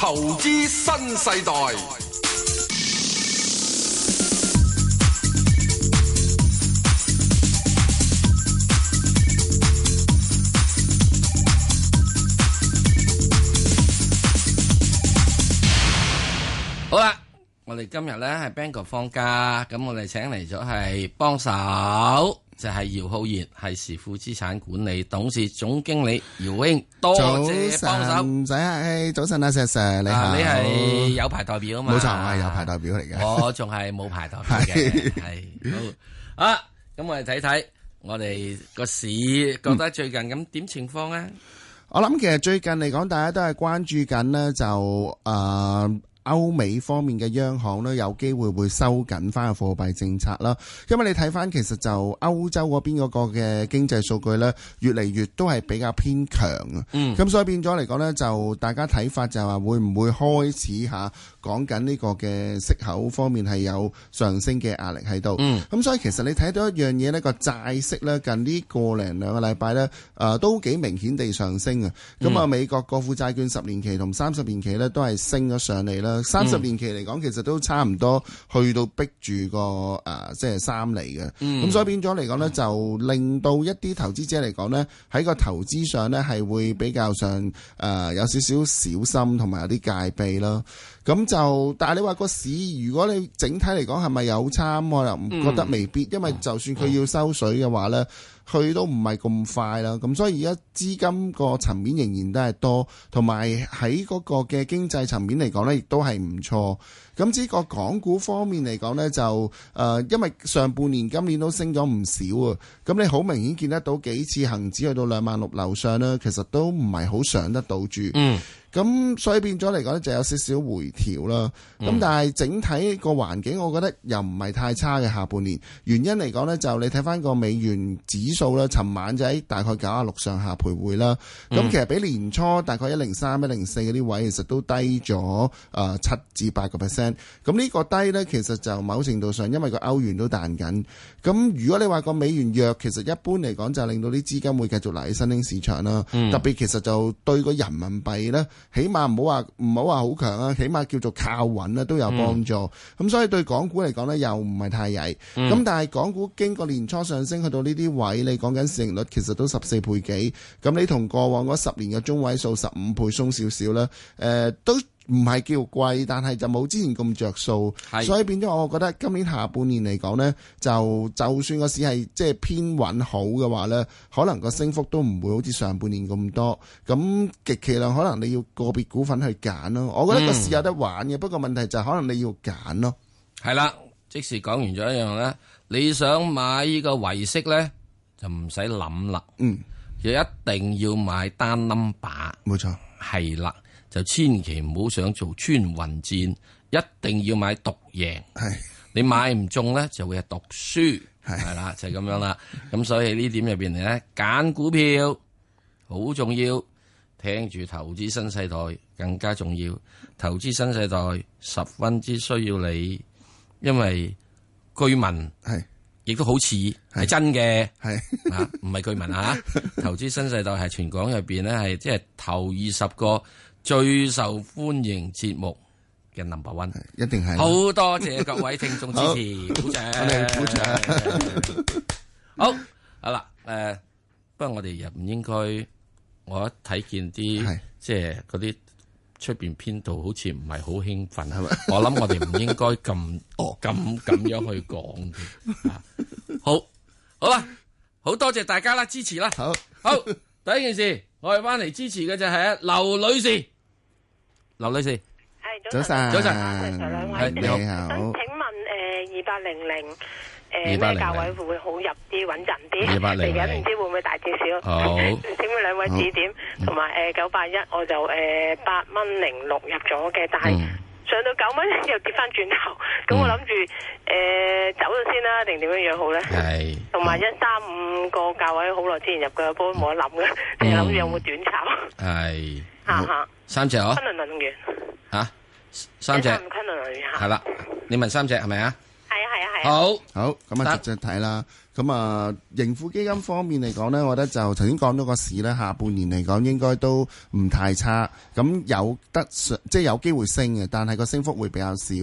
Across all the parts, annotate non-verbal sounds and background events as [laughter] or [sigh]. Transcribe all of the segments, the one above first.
投資新世代。好啦，我哋今日咧係 Bang 哥放假，咁我哋請嚟咗係幫手。就係姚浩然，係時富資產管理董事總經理姚英，多謝幫手。唔使啊，早晨 Sir，啊，石石，你係你係有牌代表啊嘛？冇錯，係有牌代表嚟嘅。。 [laughs] 我仲係冇牌代表嘅。係好啊，咁我哋睇睇我哋個市，覺得最近咁點情況咧？嗯。我諗其實最近嚟講，大家都係關注緊呢，就誒。呃歐美方面嘅央行咧，有機會會收緊翻個貨幣政策啦，因為你睇翻其實就歐洲嗰邊嗰個嘅經濟數據咧，越嚟越都係比較偏強啊。嗯，咁所以變咗嚟講咧，就大家睇法就係話會唔會開始吓講緊呢個嘅息口方面係有上升嘅壓力喺度。嗯，咁所以其實你睇到一樣嘢，呢個債息咧，近呢個零兩個禮拜咧，誒都幾明顯地上升啊。咁啊，美國國庫債券十年期同三十年期咧都係升咗上嚟咧。三十年期嚟講，其實都差唔多去到逼住個誒、呃，即係三厘嘅。咁、嗯、所以變咗嚟講呢，就令到一啲投資者嚟講呢，喺個投資上呢係會比較上誒、呃，有少少小心同埋有啲戒備咯。咁就，但係你話個市，如果你整體嚟講係咪有差，我又唔覺得未必，嗯、因為就算佢要收水嘅話呢。嗯嗯佢都唔係咁快啦，咁所以而家資金個層面仍然都係多，同埋喺嗰個嘅經濟層面嚟講呢，亦都係唔錯。咁至於個港股方面嚟講呢，就誒、呃，因為上半年、今年都升咗唔少啊。咁你好明顯見得到幾次恆指去到兩萬六樓上呢，其實都唔係好上得到住。嗯。咁所以變咗嚟講咧，就有少少回調啦。咁、嗯、但係整體個環境，我覺得又唔係太差嘅下半年。原因嚟講咧，就你睇翻個美元指數啦，尋晚就喺大概九啊六上下徘徊啦。咁、嗯、其實比年初大概一零三、一零四嗰啲位，其實都低咗誒七至八個 percent。咁呢個低咧，其實就某程度上，因為個歐元都彈緊。咁如果你話個美元弱，其實一般嚟講就令到啲資金會繼續嚟喺新興市場啦。嗯、特別其實就對個人民幣咧。起碼唔好話唔好話好強啊，起碼叫做靠穩啦，都有幫助。咁、嗯、所以對港股嚟講呢，又唔係太曳。咁、嗯、但係港股經過年初上升，去到呢啲位，你講緊市盈率其實都十四倍幾。咁你同過往嗰十年嘅中位數十五倍鬆點點，鬆少少啦。誒都，唔係叫貴，但係就冇之前咁著數，是所以變咗我覺得今年下半年嚟講呢，就就算個市係即係偏穩好嘅話呢，可能個升幅都唔會好似上半年咁多，咁極其量可能你要個別股份去揀咯。我覺得個市有得玩嘅，嗯、不過問題就係可能你要揀咯。係啦，即係講完咗一樣咧，你想買呢個維息呢，就唔使諗啦，嗯，就一定要買單 number，冇錯，係啦。就千祈唔好想做穿雲箭，一定要買獨贏。係的你買唔中咧，就會係獨輸，係啦的，就係咁樣啦。咁所以喺呢點入邊嚟咧，揀股票好重要，聽住投資新世代更加重要。投資新世代十分之需要你，因為居民係亦都好似係真嘅，係啊的，唔係的居民吓， [laughs] 投資新世代係全港入邊咧，係即係頭二十個最受歡迎節目嘅 number one，一定係好多謝各位聽眾支持，好，好啦，誒，不過我哋又唔應該，我一睇見啲即係嗰啲出邊編導好似唔係好興奮，係咪？我諗我哋唔應該咁哦咁咁樣去講嘅。好，好啦，好多謝大家啦，支持啦，好，好，第一件事。我哋翻嚟支持嘅就係阿劉女士，劉女士，係早晨，早晨，兩位。你好，請問誒二八零零誒，即、uh, 係、uh, 200, 教委會好入啲穩陣啲，二八零零嚟緊唔知會唔會大少少？好，請問兩位指點？同埋誒九八一，uh, 1, 我就誒八蚊零六入咗嘅，嗯、但係。上到九蚊又跌翻轉頭，咁我諗住誒走咗先啦，定點樣樣好咧？係同埋一三五個價位好耐之前入嘅，波冇得諗嘅，你諗住有冇短炒？係吓三隻哦，昆侖運動員吓三隻，昆侖運動員係啦，你問三隻係咪啊？係啊，係啊，係啊。好，好，咁啊直接睇啦。咁啊，盈富基金方面嚟講呢，我覺得就頭先講到個市呢，下半年嚟講應該都唔太差，咁有得即係有機會升嘅，但係個升幅會比較少。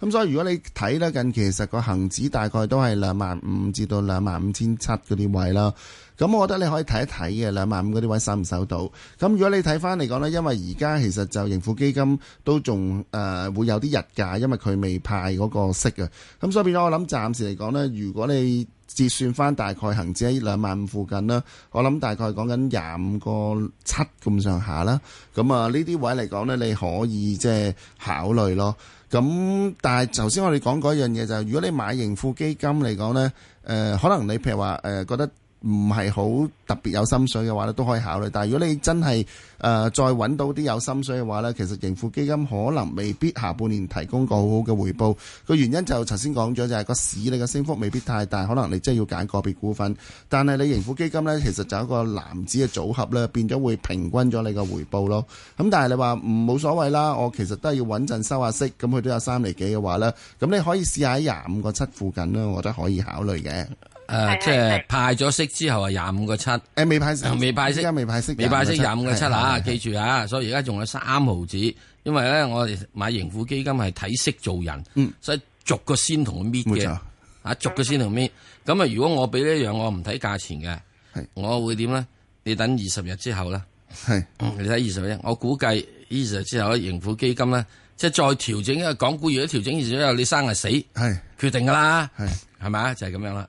咁所以如果你睇得緊，其實個恒指大概都係兩萬五至到兩萬五千七嗰啲位啦。咁我覺得你可以睇一睇嘅兩萬五嗰啲位收唔收到？咁如果你睇翻嚟講咧，因為而家其實就盈富基金都仲誒會有啲日價，因為佢未派嗰個息呀。咁所以變咗我諗，暫時嚟講咧，如果你折算翻大概恆指喺兩萬五附近咧，我諗大概講緊廿五個七咁上下啦。咁啊呢啲位嚟講咧，你可以即係考慮咯。咁但係頭先我哋講嗰樣嘢就係，如果你買盈富基金嚟講咧，誒可能你譬如話誒覺得唔係好特別有心水嘅話咧，都可以考慮。但係如果你真係誒、呃、再揾到啲有心水嘅話呢，其實盈富基金可能未必下半年提供個好好嘅回報。個、嗯、原因就頭先講咗，就係、是、個市你嘅升幅未必太大，可能你真係要揀個別股份。但係你盈富基金呢，其實就有一個籃子嘅組合咧，變咗會平均咗你個回報咯。咁但係你話唔冇所謂啦，我其實都係要穩陣收下息，咁佢都有三厘幾嘅話呢，咁你可以試下喺廿五個七附近呢，我覺得可以考慮嘅。誒，即係派咗息之後係廿五個七，誒，未派息，未派息，依家未派息，未派息廿五個七吓，記住吓，所以而家仲有三毫子，因為咧我哋買盈富基金係睇息做人，所以逐個先同佢搣嘅，啊，逐個先同搣。咁啊，如果我俾呢樣，我唔睇價錢嘅，我會點咧？你等二十日之後咧，係你睇二十日。我估計二十日之後盈富基金咧即係再調整一個港股，如果調整完之後你生係死，係決定噶啦，係係咪啊？就係咁樣啦。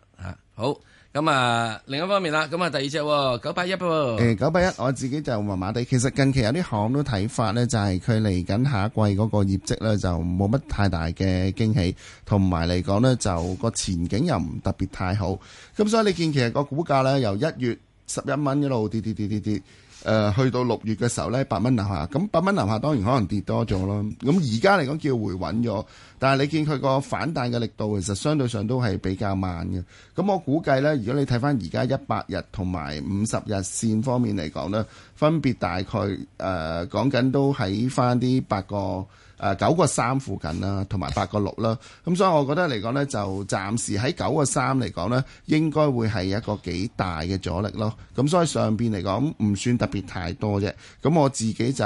好咁啊，另一方面啦，咁啊第二隻九八一喎。誒、哦，九八一我自己就麻麻地。其實近期有啲行都睇法咧，就係佢嚟緊下一季嗰個業績咧，就冇乜太大嘅驚喜，同埋嚟講咧就個前景又唔特別太好。咁所以你見其實個股價咧由一月十一蚊一路跌跌跌跌跌。滴滴滴滴滴誒、呃、去到六月嘅時候呢，八蚊樓下，咁八蚊樓下當然可能跌多咗咯。咁而家嚟講叫回穩咗，但係你見佢個反彈嘅力度其實相對上都係比較慢嘅。咁我估計呢，如果你睇翻而家一百日同埋五十日線方面嚟講呢，分別大概誒講緊都喺翻啲八個。誒九個三附近啦，同埋八個六啦。咁所以，我覺得嚟講呢，就暫時喺九個三嚟講呢，應該會係一個幾大嘅阻力咯。咁所以上邊嚟講唔算特別太多啫。咁我自己就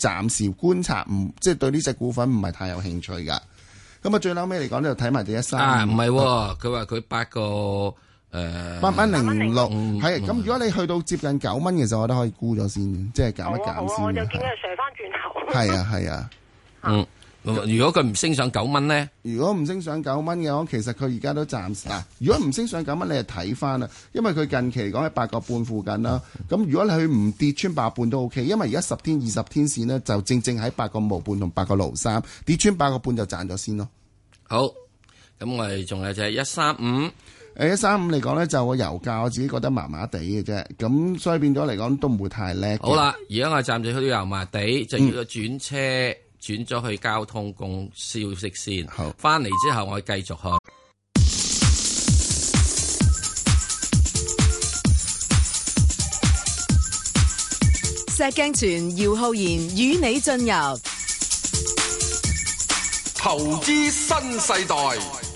暫時觀察，唔即係對呢隻股份唔係太有興趣㗎。咁、哎、啊，最嬲尾嚟講呢，就睇埋第一三唔係佢話佢八個誒八蚊零六係。咁如果你去到接近九蚊嘅時候，我覺得可以沽咗先，即、就、係、是、減一減先、啊啊。我就見佢錘翻轉頭。係對啊，係啊。啊、嗯，如果佢唔升上九蚊咧，如果唔升上九蚊嘅話，其實佢而家都暫時。 [laughs] 如果唔升上九蚊，你就睇翻啦，因為佢近期嚟講喺八個半附近啦。咁如果你唔跌穿八個半都 O K，因為而家十天、二十天線呢，就正正喺八個毫半同八個盧三，跌穿八個半就賺咗先咯。好，咁我哋仲有 1, 3, 5,、欸、1, 3, 就係一三五，誒一三五嚟講咧，就個油價我自己覺得麻麻地嘅啫，咁所以變咗嚟講都唔會太叻。好啦，而家我哋暫時去到油麻地，就要轉車、嗯。轉咗去交通公消息先，翻嚟好之後我繼續去。石鏡泉、姚浩然與你進入投資新世代。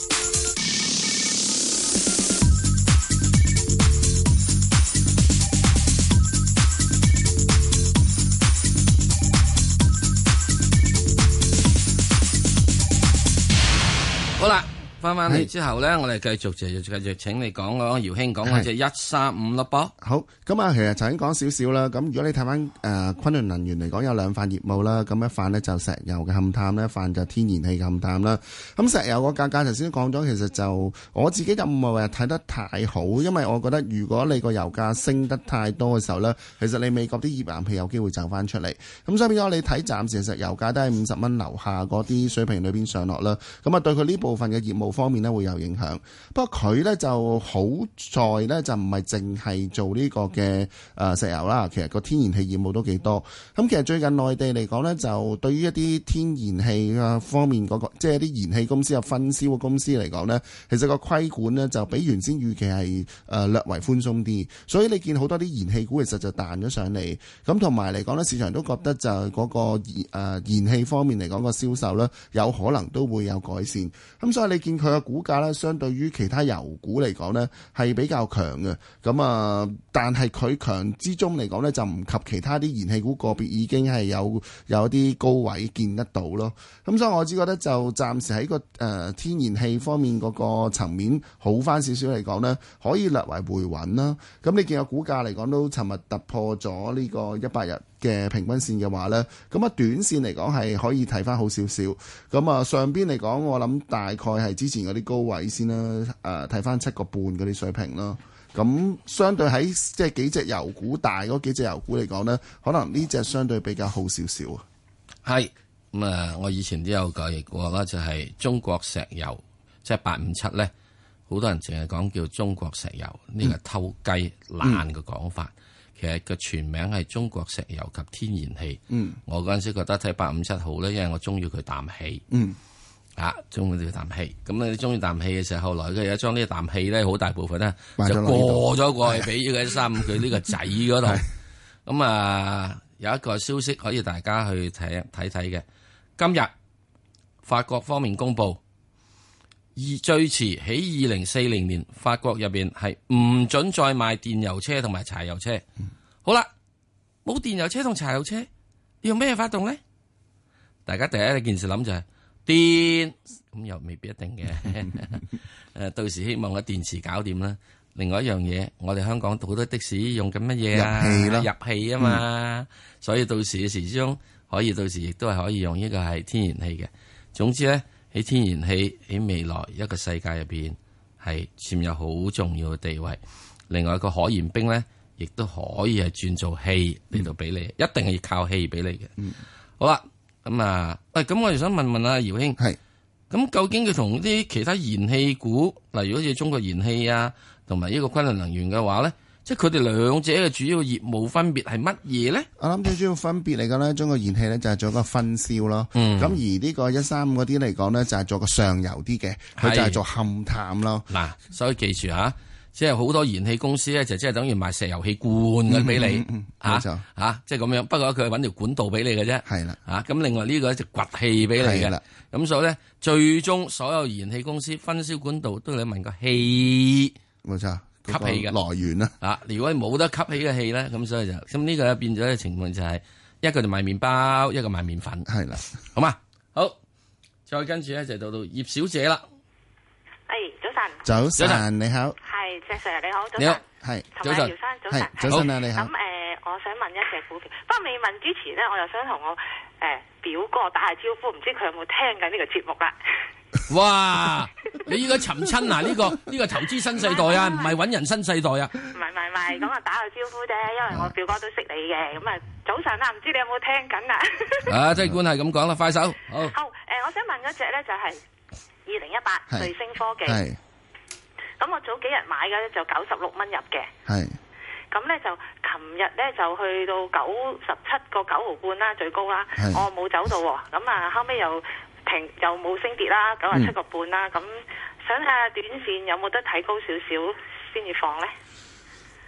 翻翻嚟之後咧，我哋繼續就繼續請你講咯，耀興講嗰隻一三五咯，啵。好，咁啊，其實頭先講少少啦。咁如果你睇翻誒昆侖能源嚟講，有兩塊業務啦。咁一塊咧就石油嘅勘探咧，一塊就天然氣嘅勘探啦。咁石油個價格頭先講咗，其實就我自己就唔係話睇得太好，因為我覺得如果你個油價升得太多嘅時候咧，其實你美國啲頁岩氣有機會走翻出嚟。咁所以變咗你睇暫時石油價都喺五十蚊樓下嗰啲水平裏邊上落啦。咁啊，對佢呢部分嘅業務方面咧，會有影響，不過佢咧就好在咧就唔係淨係做呢個嘅誒石油啦，其實個天然氣業務都幾多。咁其實最近內地嚟講咧，就對於一啲天然氣啊方面嗰個，即係啲燃氣公司啊分銷嘅公司嚟講咧，其實個規管咧就比原先預期係誒略為寬鬆啲，所以你見好多啲燃氣股其實就彈咗上嚟。咁同埋嚟講咧，市場都覺得就嗰個誒燃、啊、燃氣方面嚟講個銷售咧，有可能都會有改善。咁所以你見佢。佢嘅股價咧，相對於其他油股嚟講呢，係比較強嘅咁啊。但係佢強之中嚟講呢，就唔及其他啲燃氣股個別已經係有有啲高位見得到咯。咁所以我只覺得就暫時喺個誒、呃、天然氣方面嗰個層面好翻少少嚟講呢，可以略為回穩啦。咁你見個股價嚟講都尋日突破咗呢個一百日。嘅平均線嘅話呢，咁啊，短線嚟講係可以睇翻好少少，咁啊，上邊嚟講我諗大概係之前嗰啲高位先啦，誒睇翻七個半嗰啲水平咯，咁、嗯、相對喺即係幾隻油股大嗰幾隻油股嚟講呢可能呢隻相對比較好少少啊。係咁啊，我以前都有講過啦，就係、是、中國石油即係八五七呢。好、就是、多人淨係講叫中國石油呢、這個偷雞爛嘅講法。嗯嗯其實個全名係中國石油及天然氣。嗯，我嗰陣時覺得睇八五七號咧，因為我中意佢啖氣。嗯，吓中意佢啖氣，咁你中意啖氣嘅時候，後來佢而家將呢啖氣咧，好大部分咧就過咗過去俾咗佢三五佢呢 [laughs] 個仔嗰度。咁、 [laughs] 嗯、啊，有一個消息可以大家去睇睇睇嘅，今日法國方面公布。而最遲喺二零四零年，法國入邊係唔准再賣電油車同埋柴油車。嗯、好啦，冇電油車同柴油車，要用咩發動咧？大家第一件事諗就係、是、電，咁又未必一定嘅。誒 [laughs] [laughs] 到時希望個電池搞掂啦。另外一樣嘢，我哋香港好多的士用緊乜嘢啊？入氣咯，入氣啊嘛。嗯、所以到時始時終可以到時亦都係可以用呢個係天然氣嘅。總之咧。喺天然氣喺未來一個世界入邊係佔有好重要嘅地位。另外一個可燃冰咧，亦都可以係轉做氣嚟到俾你，一定係靠氣俾你嘅。嗯、好啦，咁啊，喂，咁我哋想問問啊，姚兄，係咁是究竟佢同啲其他燃氣股，例如好似中國燃氣啊，同埋呢個昆侖能，能源嘅話咧？即係佢哋兩者嘅主要業務分別係乜嘢咧？我諗最主要分別嚟講咧，中國燃氣咧就係做個分銷咯。咁、嗯、而呢個 1, 一三五嗰啲嚟講咧，就係做個上游啲嘅，佢是的 就係做勘探咯。嗱，所以記住吓、啊，即係好多燃氣公司咧，就即係等於賣石油氣罐嘅俾你，吓吓，即係咁樣。不過佢揾條管道俾你嘅啫。係啦的，吓咁、啊、另外呢個就掘氣俾你嘅。咁的所以咧，最終所有燃氣公司分銷管道都，都要你問個氣，冇、hey, 錯。錯吸氣嘅來源啦，啊！如果你冇得吸氣嘅氣咧，咁所以就咁呢個變咗嘅情況就係一個就賣麵包，一個賣麵粉，係啦，好嘛？好，再跟住咧就到到葉小姐啦。係，早晨。早晨，你好。係，謝 s 你好，早晨。你好，係。早晨，啊，你好。咁誒，我想問一隻股票，不過未問之前咧，我又想同我誒表哥打下招呼，唔知佢有冇聽緊呢個節目啦？哇！你依家尋親啊？呢個呢個投資新世代啊，唔係搵人新世代啊！唔係唔係唔係，咁啊打個招呼啫。因為我表哥都識你嘅，咁啊早晨啦，唔知你有冇聽緊啊？啊，即管係咁講啦，快手好。好誒，我想問嗰隻咧就係二零一八瑞星科技，咁我早幾日買嘅就九十六蚊入嘅，係。咁咧就琴日咧就去到九十七個九毫半啦，最高啦，我冇走到喎。咁啊後尾又。平又冇升跌啦，九十七個半啦，咁、嗯、想睇下短線有冇得睇高少少先至放呢？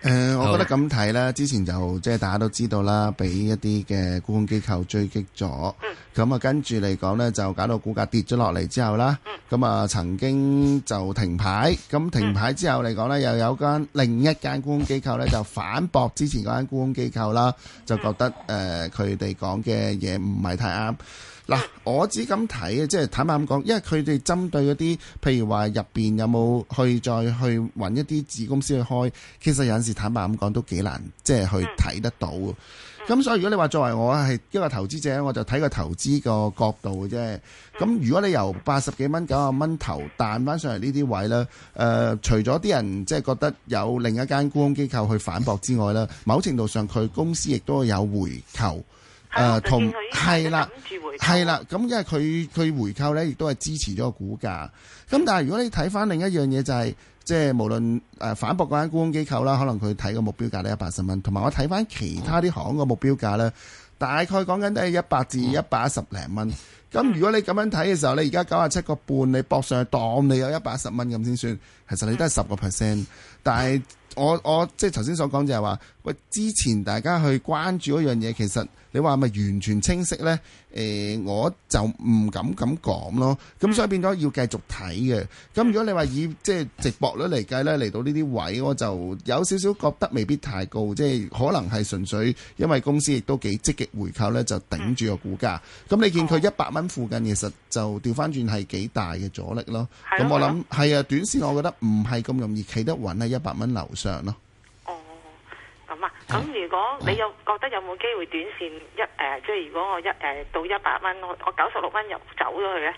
誒、呃，我覺得咁睇啦，之前就即係大家都知道啦，俾一啲嘅沽空機構追擊咗，咁啊、嗯嗯、跟住嚟講呢，就搞到股價跌咗落嚟之後啦，咁啊、嗯嗯、曾經就停牌，咁停牌之後嚟講呢，又有間另一間沽空機構呢，就反駁之前嗰間沽空機構啦，就覺得誒佢哋講嘅嘢唔係太啱。嗱，我只咁睇啊，即係坦白咁講，因為佢哋針對嗰啲，譬如話入邊有冇去再去揾一啲子公司去開，其實有陣時坦白咁講都幾難，即係去睇得到。咁所以如果你話作為我係一個投資者，我就睇個投資個角度嘅啫。咁如果你由八十幾蚊、九十蚊頭彈翻上嚟呢啲位呢，誒、呃，除咗啲人即係覺得有另一間沽空機構去反駁之外呢，某程度上佢公司亦都有回購。誒、呃、的同係啦，係啦，咁因為佢佢回購呢亦都係支持咗個股價。咁的但係如果你睇翻另一樣嘢、就係，就係即係無論誒反駁嗰間公沽空機構啦，可能佢睇個目標價呢一百十蚊。同埋我睇翻其他啲行個目標價呢，嗯、大概講緊都係一百至一百十零蚊。咁、嗯、如果你咁樣睇嘅時候，你而家九十七個半，你搏上去當你有一百十蚊咁先算，其實你都係十個 percent。嗯、但係我我,我即係頭先所講就係話。之前大家去關注嗰樣嘢，其實你話係咪完全清晰呢？誒、呃，我就唔敢咁講咯。咁所以變咗要繼續睇嘅。咁如果你話以即係值博率嚟計呢，嚟到呢啲位，我就有少少覺得未必太高，即係可能係純粹因為公司亦都幾積極回購呢，就頂住個股價。咁你見佢一百蚊附近，其實就調翻轉係幾大嘅阻力咯。咁的我諗係啊，短線我覺得唔係咁容易企得穩喺一百蚊樓上咯。咁如果你有覺得有冇機會短線一，誒、呃，即係如果我一誒、呃、到一百蚊，我我九十六蚊入走咗去咧？誒、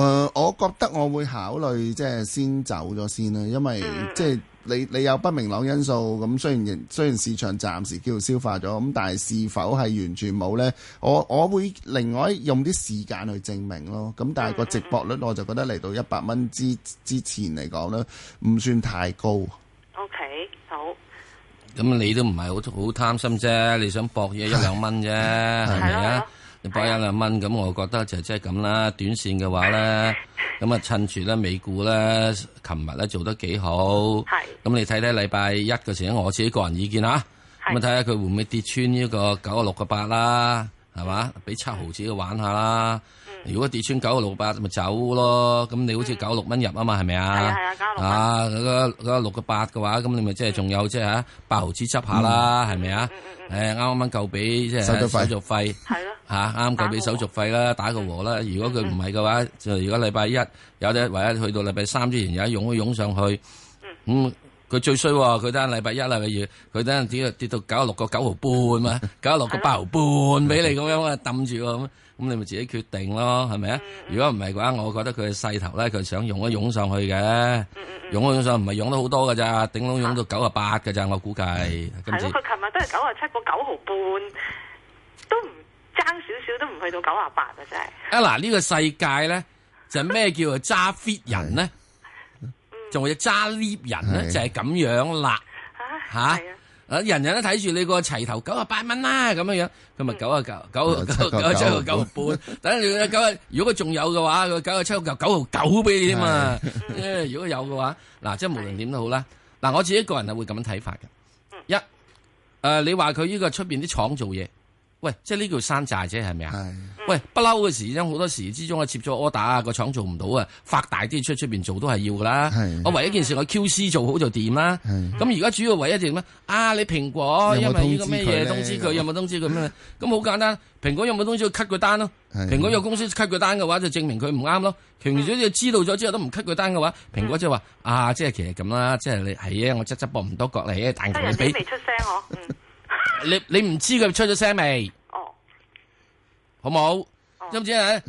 呃，我覺得我會考慮即係先走咗先啦，因為、嗯、即係你你有不明朗因素，咁雖然雖然市場暫時叫消化咗，咁但係是，是否係完全冇呢？我我會另外用啲時間去證明咯。咁但係個值搏率我就覺得嚟到一百蚊之之前嚟講呢，唔算太高。O K、嗯。嗯 okay. 咁你都唔係好好貪心啫，你想博嘢一兩蚊啫，係咪啊？是是的你博一兩蚊，咁的我覺得就真係咁啦。短線嘅話咧，咁啊的趁住咧美股咧，琴日咧做得幾好。係的，咁你睇睇禮拜一嘅時候，我自己個人意見啊。係的。咁睇下佢會唔會跌穿呢個九啊六個八啦，係嘛？俾七毫子去玩下啦。如果跌穿九個六八咪走咯，咁你好似九六蚊入啊嘛，係咪啊？係啊，九六。啊，個六個八嘅話，咁你咪即係仲有即係嚇八毫紙執下啦，係咪啊？嗯誒，啱啱夠俾即係手續費。手續費。係咯。嚇，啱啱夠俾手續費啦，打個和啦。如果佢唔係嘅話，就如果禮拜一有隻，或者去到禮拜三之前有擁擁上去。咁佢最衰喎，佢等禮拜一啊嘅嘢，佢等陣跌到九十六個九毫半嘛，九十六個八毫半俾你咁樣啊，揼住咁。咁你咪自己決定咯，係咪啊？嗯、如果唔係嘅話，我覺得佢嘅勢頭咧，佢想湧一湧上去嘅，湧一、嗯嗯嗯、湧上唔係湧得好多嘅咋，頂籠湧到九啊八嘅咋，我估計。係咯、啊，佢琴日都係九啊七個九毫半，點點都唔爭少少，都唔去到九啊八啊，真係。啊嗱、呢、這個世界咧就咩、係、叫做揸 fit 人咧，仲有揸 lift 人咧，啊、就係咁樣啦，吓、啊。啊啊人人都睇住你個齊頭九啊八蚊啦，咁樣樣佢咪九啊九九九九七個九半，等你九啊，如果佢仲有嘅話，佢九啊七個九九毫九俾你添啊！誒，如果有嘅話，嗱、啊，即係無論點都好啦。嗱、啊，我自己個人係會咁樣睇法嘅。一誒、呃，你話佢呢個出邊啲廠做嘢。喂，即係呢叫山寨啫，係咪啊？喂，不嬲嘅時，因好多時之中我接咗 order 啊，個廠做唔到啊，發大啲出出邊做都係要噶啦。我唯一件事我 QC 做好就掂啦。咁而家主要唯一就咩啊？你蘋果因為呢個咩嘢通知佢有冇通知佢咩？咁好簡單，蘋果有冇通知佢 cut 個單咯？蘋果有公司 cut 個單嘅話，就證明佢唔啱咯。蘋果要知道咗之後都唔 cut 個單嘅話，蘋果即係話啊，即係其實咁啦，即係你係啊，我執執搏唔多角嚟啊，但係你未出聲你你唔知佢出咗聲未？哦，好冇？知唔知啊？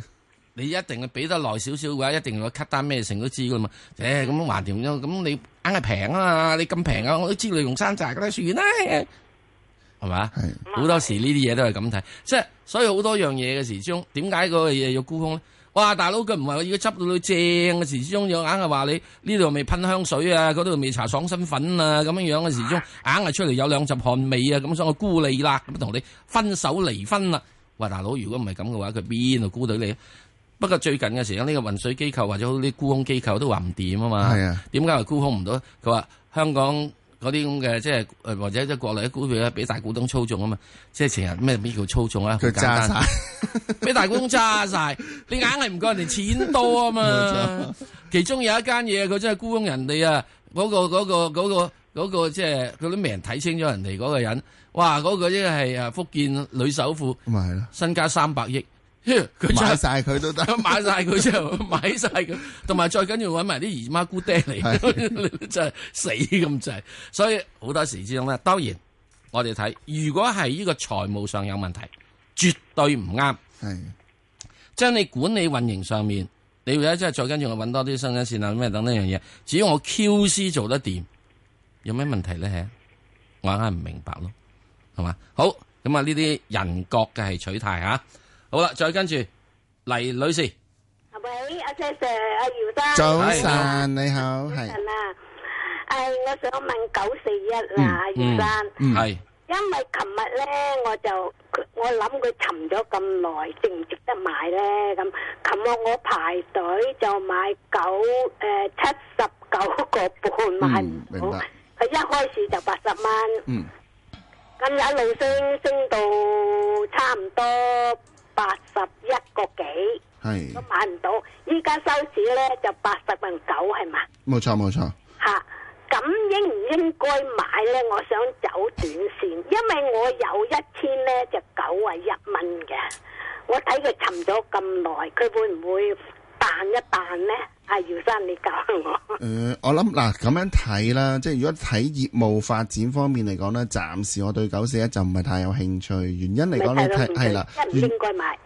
你一定啊，俾得耐少少嘅話，一定要 cut 單咩成都知噶嘛？誒，咁樣話掂咁，咁你硬係平啊嘛？你咁平啊，我都知你用山寨嗰啲算啦，係嘛？好多時呢啲嘢都係咁睇，即係所以好多樣嘢嘅時鐘，點解個嘢要沽空咧？哇！大佬佢唔係我而家執到正你正嘅時之中，又硬係話你呢度未噴香水啊，嗰度未搽爽身粉啊，咁樣樣嘅時中，硬係出嚟有兩陣汗味啊，咁所以我沽你啦，咁同你分手離婚啦，啊。喂，大佬，如果唔係咁嘅話，佢邊度沽到你？不過最近嘅時有呢、這個渾水機構或者好啲沽空機構都話唔掂啊嘛。係啊，點解又沽空唔到？佢話香港。嗰啲咁嘅即係誒或者即係國內嘅股票咧，俾大股東操縱啊嘛，即係成日咩咩叫操縱啊？佢揸晒俾大股東揸晒， [laughs] 你硬係唔夠人哋錢多啊嘛。 [laughs] 其中有一間嘢，佢真係孤兇人哋啊！嗰個嗰個嗰個嗰個即係佢都未能睇清咗人哋嗰個人，哇！嗰個即係福建女首富，咪 [laughs] 了身家三百億。佢買晒佢都得，買晒佢之後 [laughs] 買晒佢，同埋 [laughs] 再跟住搵埋啲姨媽姑爹嚟，真 [laughs] [laughs] 就死咁滯。所以好多時之中咧，當然我哋睇，如果係呢個財務上有問題，絕對唔啱。係將的你管理運營上面，你而家即係再跟住去搵多啲生產線啊，咩等等樣嘢。只要我 Q C 做得掂，有咩問題咧？係我梗唔明白咯，係嘛？好咁啊！呢啲人覺嘅係取態啊。好啦，再跟住黎女士。喂，阿姐 Sir，阿姚生。早晨，你好。早晨啊，係我想問九四一啊，阿姚生。嗯，係。因為琴日咧，我就我諗佢沉咗咁耐，值唔值得買咧？咁琴日我排隊就買九誒七十九個半萬股，佢一開始就八十蚊。嗯。今日一路升升到差唔多。八十一個幾，係 Hey. 都買唔到。依家收市呢，就八十蚊九，係嘛？冇錯，冇錯。吓，咁、啊、應唔應該買呢？我想走短線，因為我有一千呢就九啊一蚊嘅。我睇佢沉咗咁耐，佢會唔會彈一彈呢？姚生，你教我。誒，我諗嗱，咁樣睇啦，即係如果睇業務發展方面嚟講呢，暫時我對九四一就唔係太有興趣。原因嚟講，你睇係啦，一唔應該買。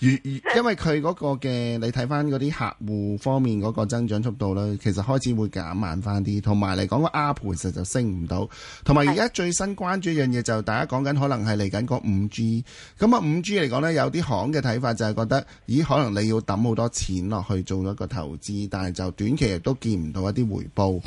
因為佢嗰為 [laughs] 個嘅，你睇翻嗰啲客戶方面嗰個增長速度呢，其實開始會減慢翻啲。同埋嚟講個 R 其實就升唔到。同埋而家最新關注一樣嘢就，大家講緊可能係嚟緊個五 G。咁啊，五 G 嚟講呢，有啲行嘅睇法就係覺得，咦，可能你要抌好多錢落去做咗個投資，但係就短期亦都見唔到一啲回報，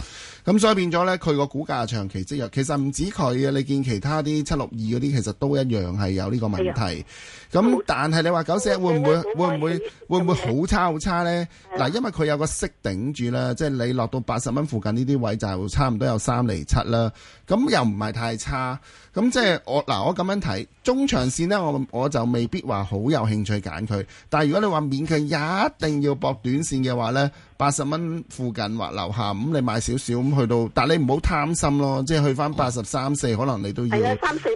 咁所以變咗呢，佢個股價長期積弱其實唔止佢嘅，你見其他啲七六二嗰啲，其實都一樣係有呢個問題。咁但係你話九四會唔會會唔會字會唔會好差好差呢？嗱、嗯，因為佢有個息頂住啦，即係你落到八十蚊附近呢啲位就差唔多有三厘七啦，咁又唔係太差。咁即係我嗱，我咁樣睇中長線呢，我我就未必話好有興趣揀佢。但係如果你話勉強一定要搏短線嘅。話咧八十蚊附近或樓下，咁你買少少咁去到，但你唔好貪心咯，即係去翻八十三四，可能你都要 3,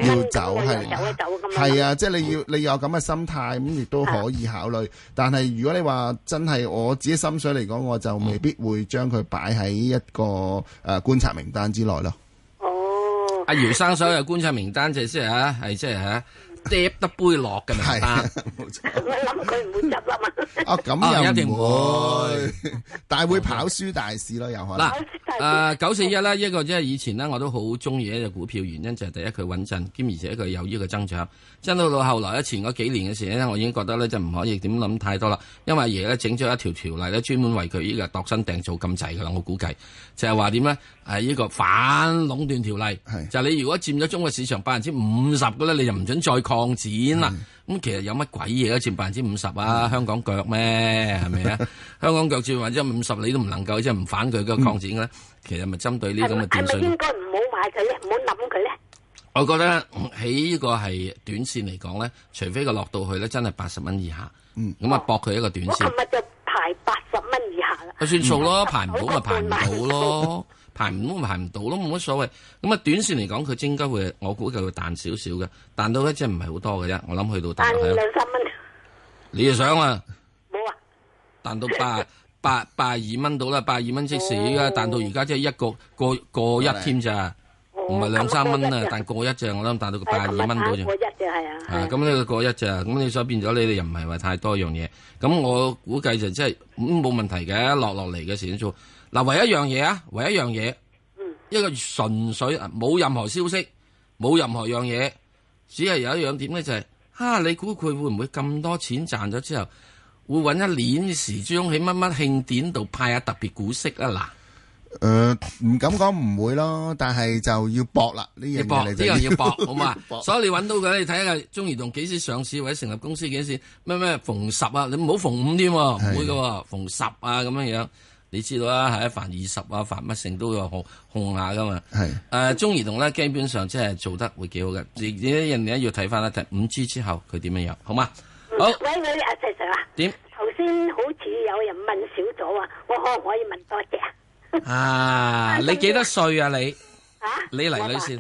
要走係。係啊的，即係你要你有咁嘅心態，咁亦都可以考慮。的但係如果你話真係我自己心水嚟講，我就未必會將佢擺喺一個誒、呃、觀察名單之內咯。哦，阿姚、啊、生所謂觀察名單，就即係吓，係即係吓。就是啊就是啊跌得杯落嘅嘛，我諗佢唔會入啦嘛。咁又、啊、一定唔會， [laughs] 但係會跑輸大市咯 [laughs] 又可。嗱，誒九四一呢，一、這個即係以前呢，我都好中意一隻股票，原因就係、是、第一佢穩陣，兼而且佢有呢個增長。真到到後來啊，前嗰幾年嘅時呢，我已經覺得呢，就唔可以點諗太多啦，因為而家整咗一條條例咧，專門為佢呢個度身訂造禁制嘅啦。我估計就係話點呢？係依、嗯啊呢個反壟斷條例，就係、是、你如果佔咗中國市場百分之五十嘅咧，你就唔準再擴展啦，咁其實有乜鬼嘢都佔百分之五十啊？香港腳咩？係咪啊？香港腳佔百分之五十，你都唔能夠即係唔反佢嘅擴展咧。其實咪針對呢咁嘅短線？係咪應該唔好買佢咧？唔好諗佢咧？我覺得喺呢個係短線嚟講咧，除非佢落到去咧，真係八十蚊以下，咁啊駁佢一個短線。我今日就排八十蚊以下啦。佢算數咯，排唔到咪排唔到咯。排唔都排唔到咯，冇乜所謂。咁、嗯、啊，短線嚟講，佢應該會，我估計會彈少少嘅，彈到一隻唔係好多嘅啫。我諗去到彈二兩三蚊，你就想啊？冇有啊！ [laughs] 彈到八八八二蚊到啦，八二蚊即時而、啊、家、哦、彈到而家即係一個一個一個一添咋，唔係兩三蚊啊！但過彈一個、哎、他他過一隻，我諗彈到個八二蚊到啫。個一隻係啊。係咁，嗯啊啊、你個一隻，咁你所變咗，你哋又唔係話太多樣嘢。咁我估計就即係冇問題嘅，落落嚟嘅時數。嗱，唯一一樣嘢啊，唯一一樣嘢，一個純粹啊，冇任何消息，冇任何樣嘢，只係有一樣點咧，就係，哈，你估佢會唔會咁多錢賺咗之後，會揾一年時鐘喺乜乜慶典度派下特別股息啊？嗱，誒，唔敢講唔會咯，但係就要搏啦，呢樣，呢樣要搏，好嘛？搏，所以你揾到佢，你睇下中移動幾時上市或者成立公司幾時，咩咩逢十啊，你唔好逢五添喎，唔會㗎喎，逢十啊咁樣樣。你知道啦，係一凡二十啊，凡乜剩都有控控下噶嘛。係，誒，中移動咧，基本上即係做得會幾好嘅。只啲人哋要睇翻咧，就五 G 之後佢點樣樣，好嘛？好，喂，阿 Sir 啊，點？頭先好似有人問少咗啊，我可唔可以問多隻啊？啊，你幾多歲啊？你啊？你嚟女先。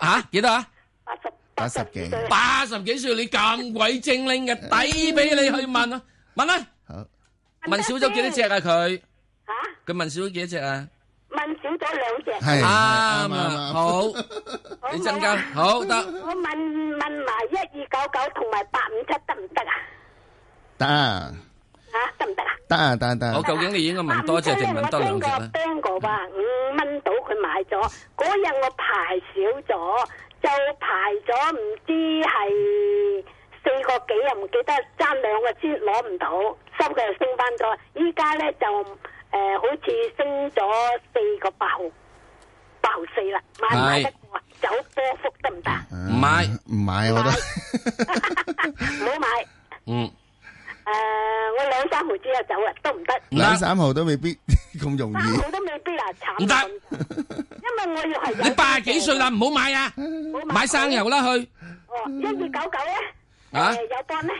啊？幾多啊？八十八十幾。八十幾歲？八十幾歲？你咁鬼精靈嘅，抵俾你去問啊？問啊！好，問少咗幾多隻啊？佢？佢問少咗幾多隻啊？問少咗兩隻。係啊，好，你真夠好得。我問問埋一二九九同埋八五七得唔得啊？得。嚇得唔得啊？得啊得啊得。我究竟你應該問多隻定問多兩隻咧？丁哥話五蚊到佢買咗，嗰日我排少咗，就排咗唔知係四個幾又唔記得爭兩個先攞唔到，收佢又升翻多，依家咧就。誒，好似升咗四個八號，八號四啦，買唔買得過啊？走波幅得唔得？唔買唔買，我都唔好買。嗯，誒，我兩三毫之後走啊，都唔得？兩三毫都未必咁容易，都未必啦，慘！唔得，因為我又係你八啊幾歲啦，唔好買啊，買生油啦去。哦，一月九九咧，誒，有波咩？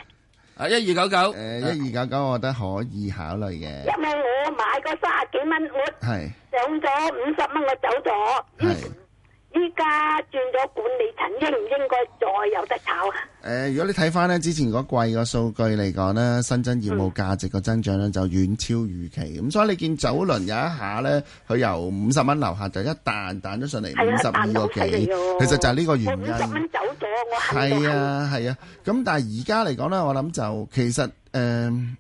啊，一二九九，誒，一二九九，我覺得可以考慮嘅。因為我買過三十幾蚊，我係上咗五十蚊，我走咗。依家轉咗管理層，應唔應該再有得炒啊？誒、呃，如果你睇翻咧之前嗰季個數據嚟講呢新增業務價值個增長呢、嗯、就遠超預期，咁所以你見早輪有一下呢，佢由五十蚊樓下就一彈彈咗上嚟五十二個幾，啊、實其實就係呢個原因。五十蚊走咗，我係。係啊，係啊，咁但係而家嚟講呢，我諗就其實誒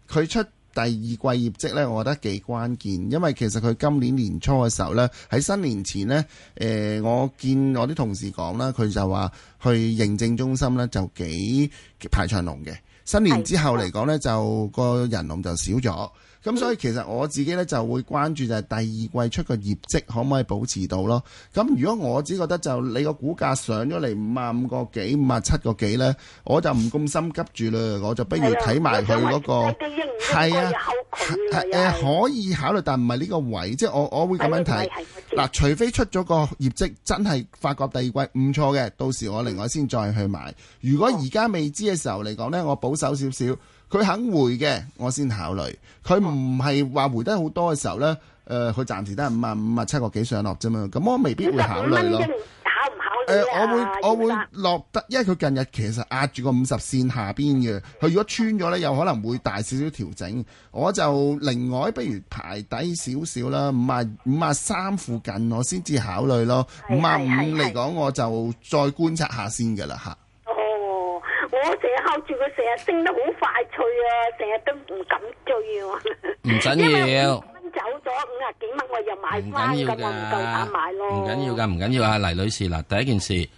佢、嗯、出。第二季業績呢，我覺得幾關鍵，因為其實佢今年年初嘅時候呢，喺新年前呢，誒、呃、我見我啲同事講啦，佢就話去認證中心呢，就幾排長龍嘅。新年之後嚟講呢， [music] 就個人龍就少咗。咁、嗯、所以其實我自己咧就會關注就係第二季出個業績可唔可以保持到咯？咁如果我只覺得就你個股價上咗嚟五啊五個幾五啊七個幾呢，我就唔咁心急住嘞，我就不如睇埋佢嗰個係啊，誒可以考慮，但唔係呢個位，即係我我會咁樣睇嗱，除非出咗個業績真係發覺第二季唔錯嘅，到時我另外先再去買。如果而家未知嘅時候嚟講呢，我保守少少。佢肯回嘅，我先考慮。佢唔係話回得好多嘅時候咧，誒、呃，佢暫時得五萬五啊七個幾上落啫嘛。咁我未必會考慮咯。考唔考慮、呃、我會我會落得，因為佢近日其實壓住個五十線下邊嘅。佢如果穿咗咧，有可能會大少少調整。我就另外不如排低少少啦，五萬五啊三附近我先至考慮咯。五萬五嚟講，我就再觀察下先嘅啦吓？哦，我成日靠住佢，成日升得好快。啊！成日都唔敢追啊！唔緊要，蚊 [laughs] 走咗，五十幾蚊我又買翻，咁我唔夠膽買咯。唔緊要噶，唔緊要啊，黎女士。嗱，第一件事，是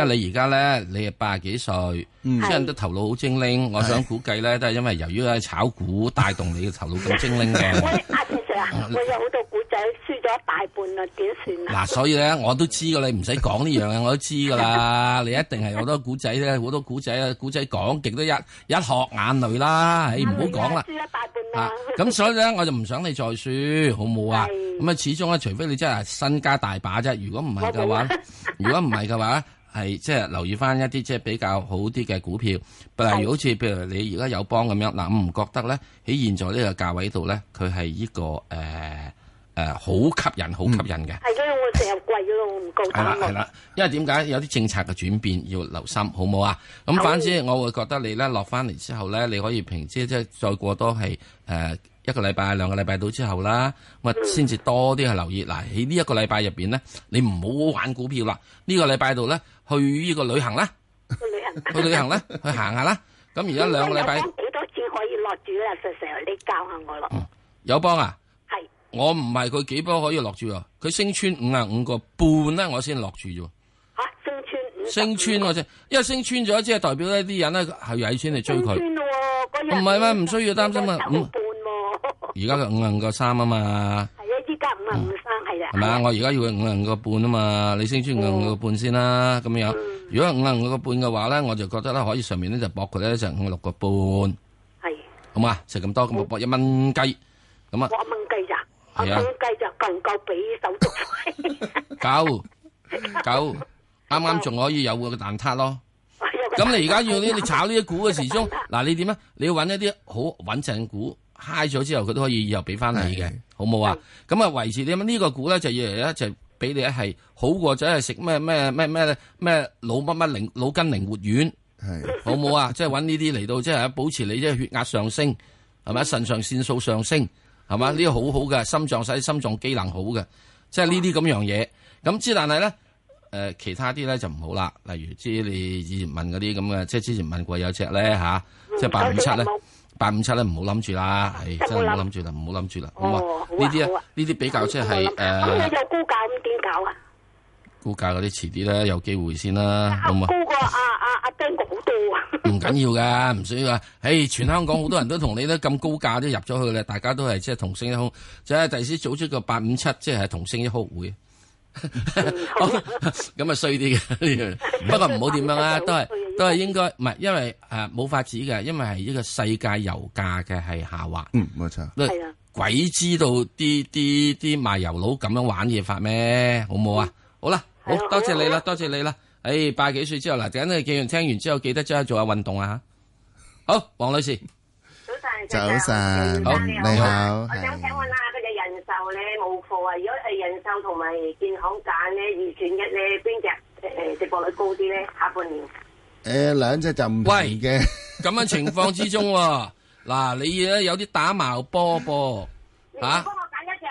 因為你而家咧，你八十幾歲，雖、嗯、人都頭腦好精靈，是我想估計咧，都係因為由於喺炒股帶動你嘅頭腦咁精靈嘅。 [laughs] [laughs] 我、啊、有好多股仔輸咗一大半啦，點算啊？嗱，所以咧我都知噶，你唔使講呢樣嘢，我都知噶啦。 [laughs] 你一定係好多股仔咧，好多股仔啊，股仔講極都一一學眼淚啦。唉、哎，唔好講啦。輸一大半啦。咁所以咧， [laughs] 我就唔想你再輸，好唔好啊？咁啊是，始終咧，除非你真係身家大把啫。如果唔係嘅話， [laughs] 如果唔係嘅話。 [laughs] 係即係留意翻一啲即係比較好啲嘅股票，例如好似是譬如你而家友邦咁樣，嗱，唔覺得咧喺現在呢個價位度咧，佢係呢個誒誒好吸引、好吸引嘅。係嘅、嗯，我成日貴咗，我唔夠膽買。係啦，係啦，因為點解有啲政策嘅轉變要留心，好冇啊？咁反之，我會覺得你咧落翻嚟之後咧，你可以平啲，即係再過多係誒。呃一個禮拜、兩個禮拜到之後啦，咁啊先至多啲去留意。嗱喺呢一個禮拜入邊咧，你唔好玩股票啦。呢個禮拜度咧去呢個旅行啦，去旅行，去旅行咧，去行下啦。咁而家兩個禮拜。幾多錢可以落住咧？成成，你教下我咯。有幫啊？係。我唔係，佢幾波可以落住喎，佢升穿五啊五個半咧，我先落住啫。吓？升穿升穿我啫，因為升穿咗即係代表呢啲人咧係有錢嚟追佢。唔係咩？唔需要擔心啊。而家佢五銀個三啊嘛，係啊，依家五銀五三係啊，係咪啊？我而家要佢五銀個半啊嘛，你先出五銀個半先啦，咁樣。如果五銀個半嘅話咧，我就覺得咧可以上面咧就博佢咧成五六個半，係，好啊，食咁多咁我博一蚊雞，咁啊，一蚊雞咋？一蚊雞就夠唔夠俾手續費？夠，夠，啱啱仲可以有個蛋撻咯。咁你而家要呢？你炒呢啲股嘅時鐘，嗱你點啊？你要揾一啲好穩陣股。high 咗之後佢都可以以後俾翻你嘅，好冇啊？咁啊維持你，樣呢個股咧，就亦係一就俾你一係好過就，就係食咩咩咩咩咩腦乜乜靈腦筋靈活丸，係的好冇啊？即係揾呢啲嚟到，即係保持你即係血壓上升，係咪啊？腎上腺素上升，係嘛？呢個的好好嘅，心臟使心臟機能好嘅，即係呢啲咁樣嘢。咁之但係咧，誒其他啲咧就唔好啦，例如之你以前問嗰啲咁嘅，即係之前問過有隻咧吓，即係八五七咧。八五七咧，唔好諗住啦，係真係唔好諗住啦，唔好諗住啦。咁呢啲啊，呢啲比較即係誒，咁啊又估價咁點搞啊？估價嗰啲遲啲啦，有機會先啦。咁啊，高嗎過阿阿阿張哥好多啊。唔緊要㗎，唔需要啊。誒， [laughs] hey, 全香港好多人都同你咧咁高價都入咗去啦，大家都係即係同聲一哭，就係第時組織個八五七，即、就、係、是、同聲一，、就是一，就是、一哭會。咁啊衰啲嘅，不過唔好點樣啊，都係都係應該，唔係因為誒冇法子嘅，因為係呢個世界油價嘅係下滑。嗯，冇錯。係啊，鬼知道啲啲啲賣油佬咁樣玩嘢法咩？好唔好啊？好啦，好多謝你啦，多謝你啦。誒，拜幾歲之後嗱，等你記完聽完之後，記得即刻做下運動啊！好，黃女士，早晨，早晨，好，你好。就咧冇貨啊！如果係人壽同埋健康揀咧，二選一咧，邊隻誒誒直播率高啲咧？下半年誒兩隻就唔同嘅咁樣情況之中，嗱你咧有啲打矛波噃吓？你幫我揀一隻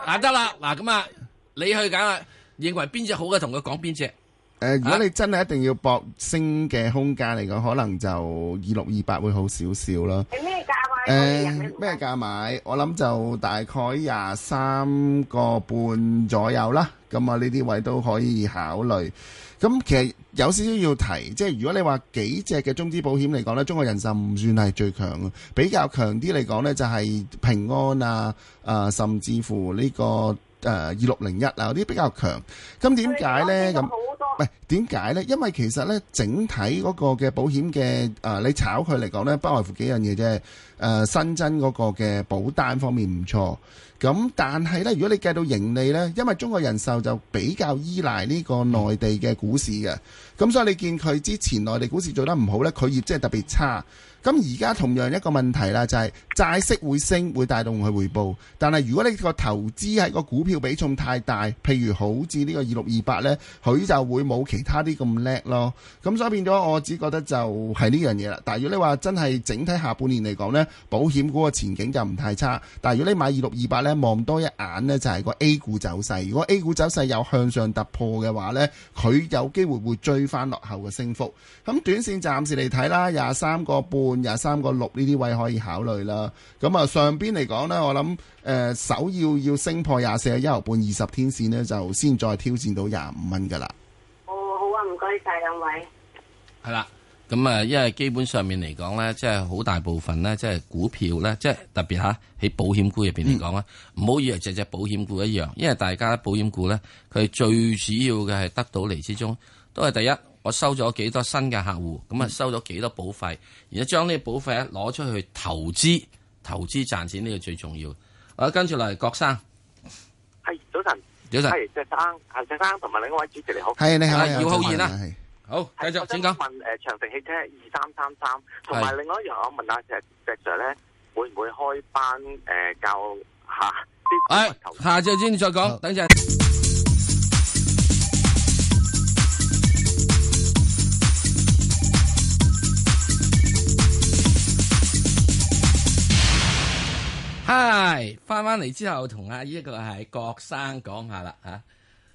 係嗱得啦嗱咁啊，你去揀啊，認為邊隻好嘅同佢講邊隻誒？如果你真係一定要搏升嘅空間嚟講，可能就二六二八會好少少囉。係咩價？誒，咩價買？我諗就大概廿三個半左右啦。咁啊，呢啲位都可以考慮。咁其實有少少要提，即係如果你話幾隻嘅中資保險嚟講呢，中國人壽唔算係最強，比較強啲嚟講呢就係平安啊，啊，呃，甚至乎呢個誒二六零一啊，有啲比較強。咁點解呢？咁喂，點解呢？因為其實呢，整體嗰個嘅保險嘅誒、呃，你炒佢嚟講呢，不外乎幾樣嘢啫。誒、呃，新增嗰個嘅保單方面唔錯，咁但係呢，如果你計到盈利呢，因為中國人壽就比較依賴呢個內地嘅股市嘅，咁所以你見佢之前內地股市做得唔好呢，佢業績特別差。咁而家同樣一個問題啦，就係債息會升會帶動佢回報，但係如果你個投資喺個股票比重太大，譬如好似呢個二六二八呢，佢就會冇其他啲咁叻咯。咁所以變咗，我只覺得就係呢樣嘢啦。但係如果你話真係整體下半年嚟講呢，保險股嗰個前景就唔太差。但係如果你買二六二八呢，望多一眼呢，就係個 A 股走勢。如果 A 股走勢有向上突破嘅話呢，佢有機會會追翻落後嘅升幅。咁短線暫時嚟睇啦，廿三個半。廿三個六呢啲位可以考慮啦。咁啊，上邊嚟講咧，我諗誒、呃、首要要升破廿四個一毫半二十天線呢，就先再挑戰到廿五蚊噶啦。哦，好啊，唔該晒。兩位。係啦，咁啊，因為基本上面嚟講呢，即係好大部分呢，即係股票呢，即係特別嚇喺保險股入邊嚟講啊，唔好、嗯、以為隻隻保險股一樣，因為大家保險股呢，佢最主要嘅係得到嚟之中都係第一，我收咗幾多新嘅客戶，咁啊收咗幾多保費，而家將呢個保費咧攞出去投資，投資賺錢呢個最重要。好，跟住嚟郭生，係早晨，早晨，謝生，謝生同埋另外一位主席嚟，好，係你好，姚浩然啦，好，繼續，請講。問誒，長城汽車二三三三，同埋另外一樣，我問下謝 Sir 咧，會唔會開班誒教吓啲？哎，下謝 Sir 你再講，等陣。嗨，i 翻翻嚟之後同阿依一個係郭生講下啦吓，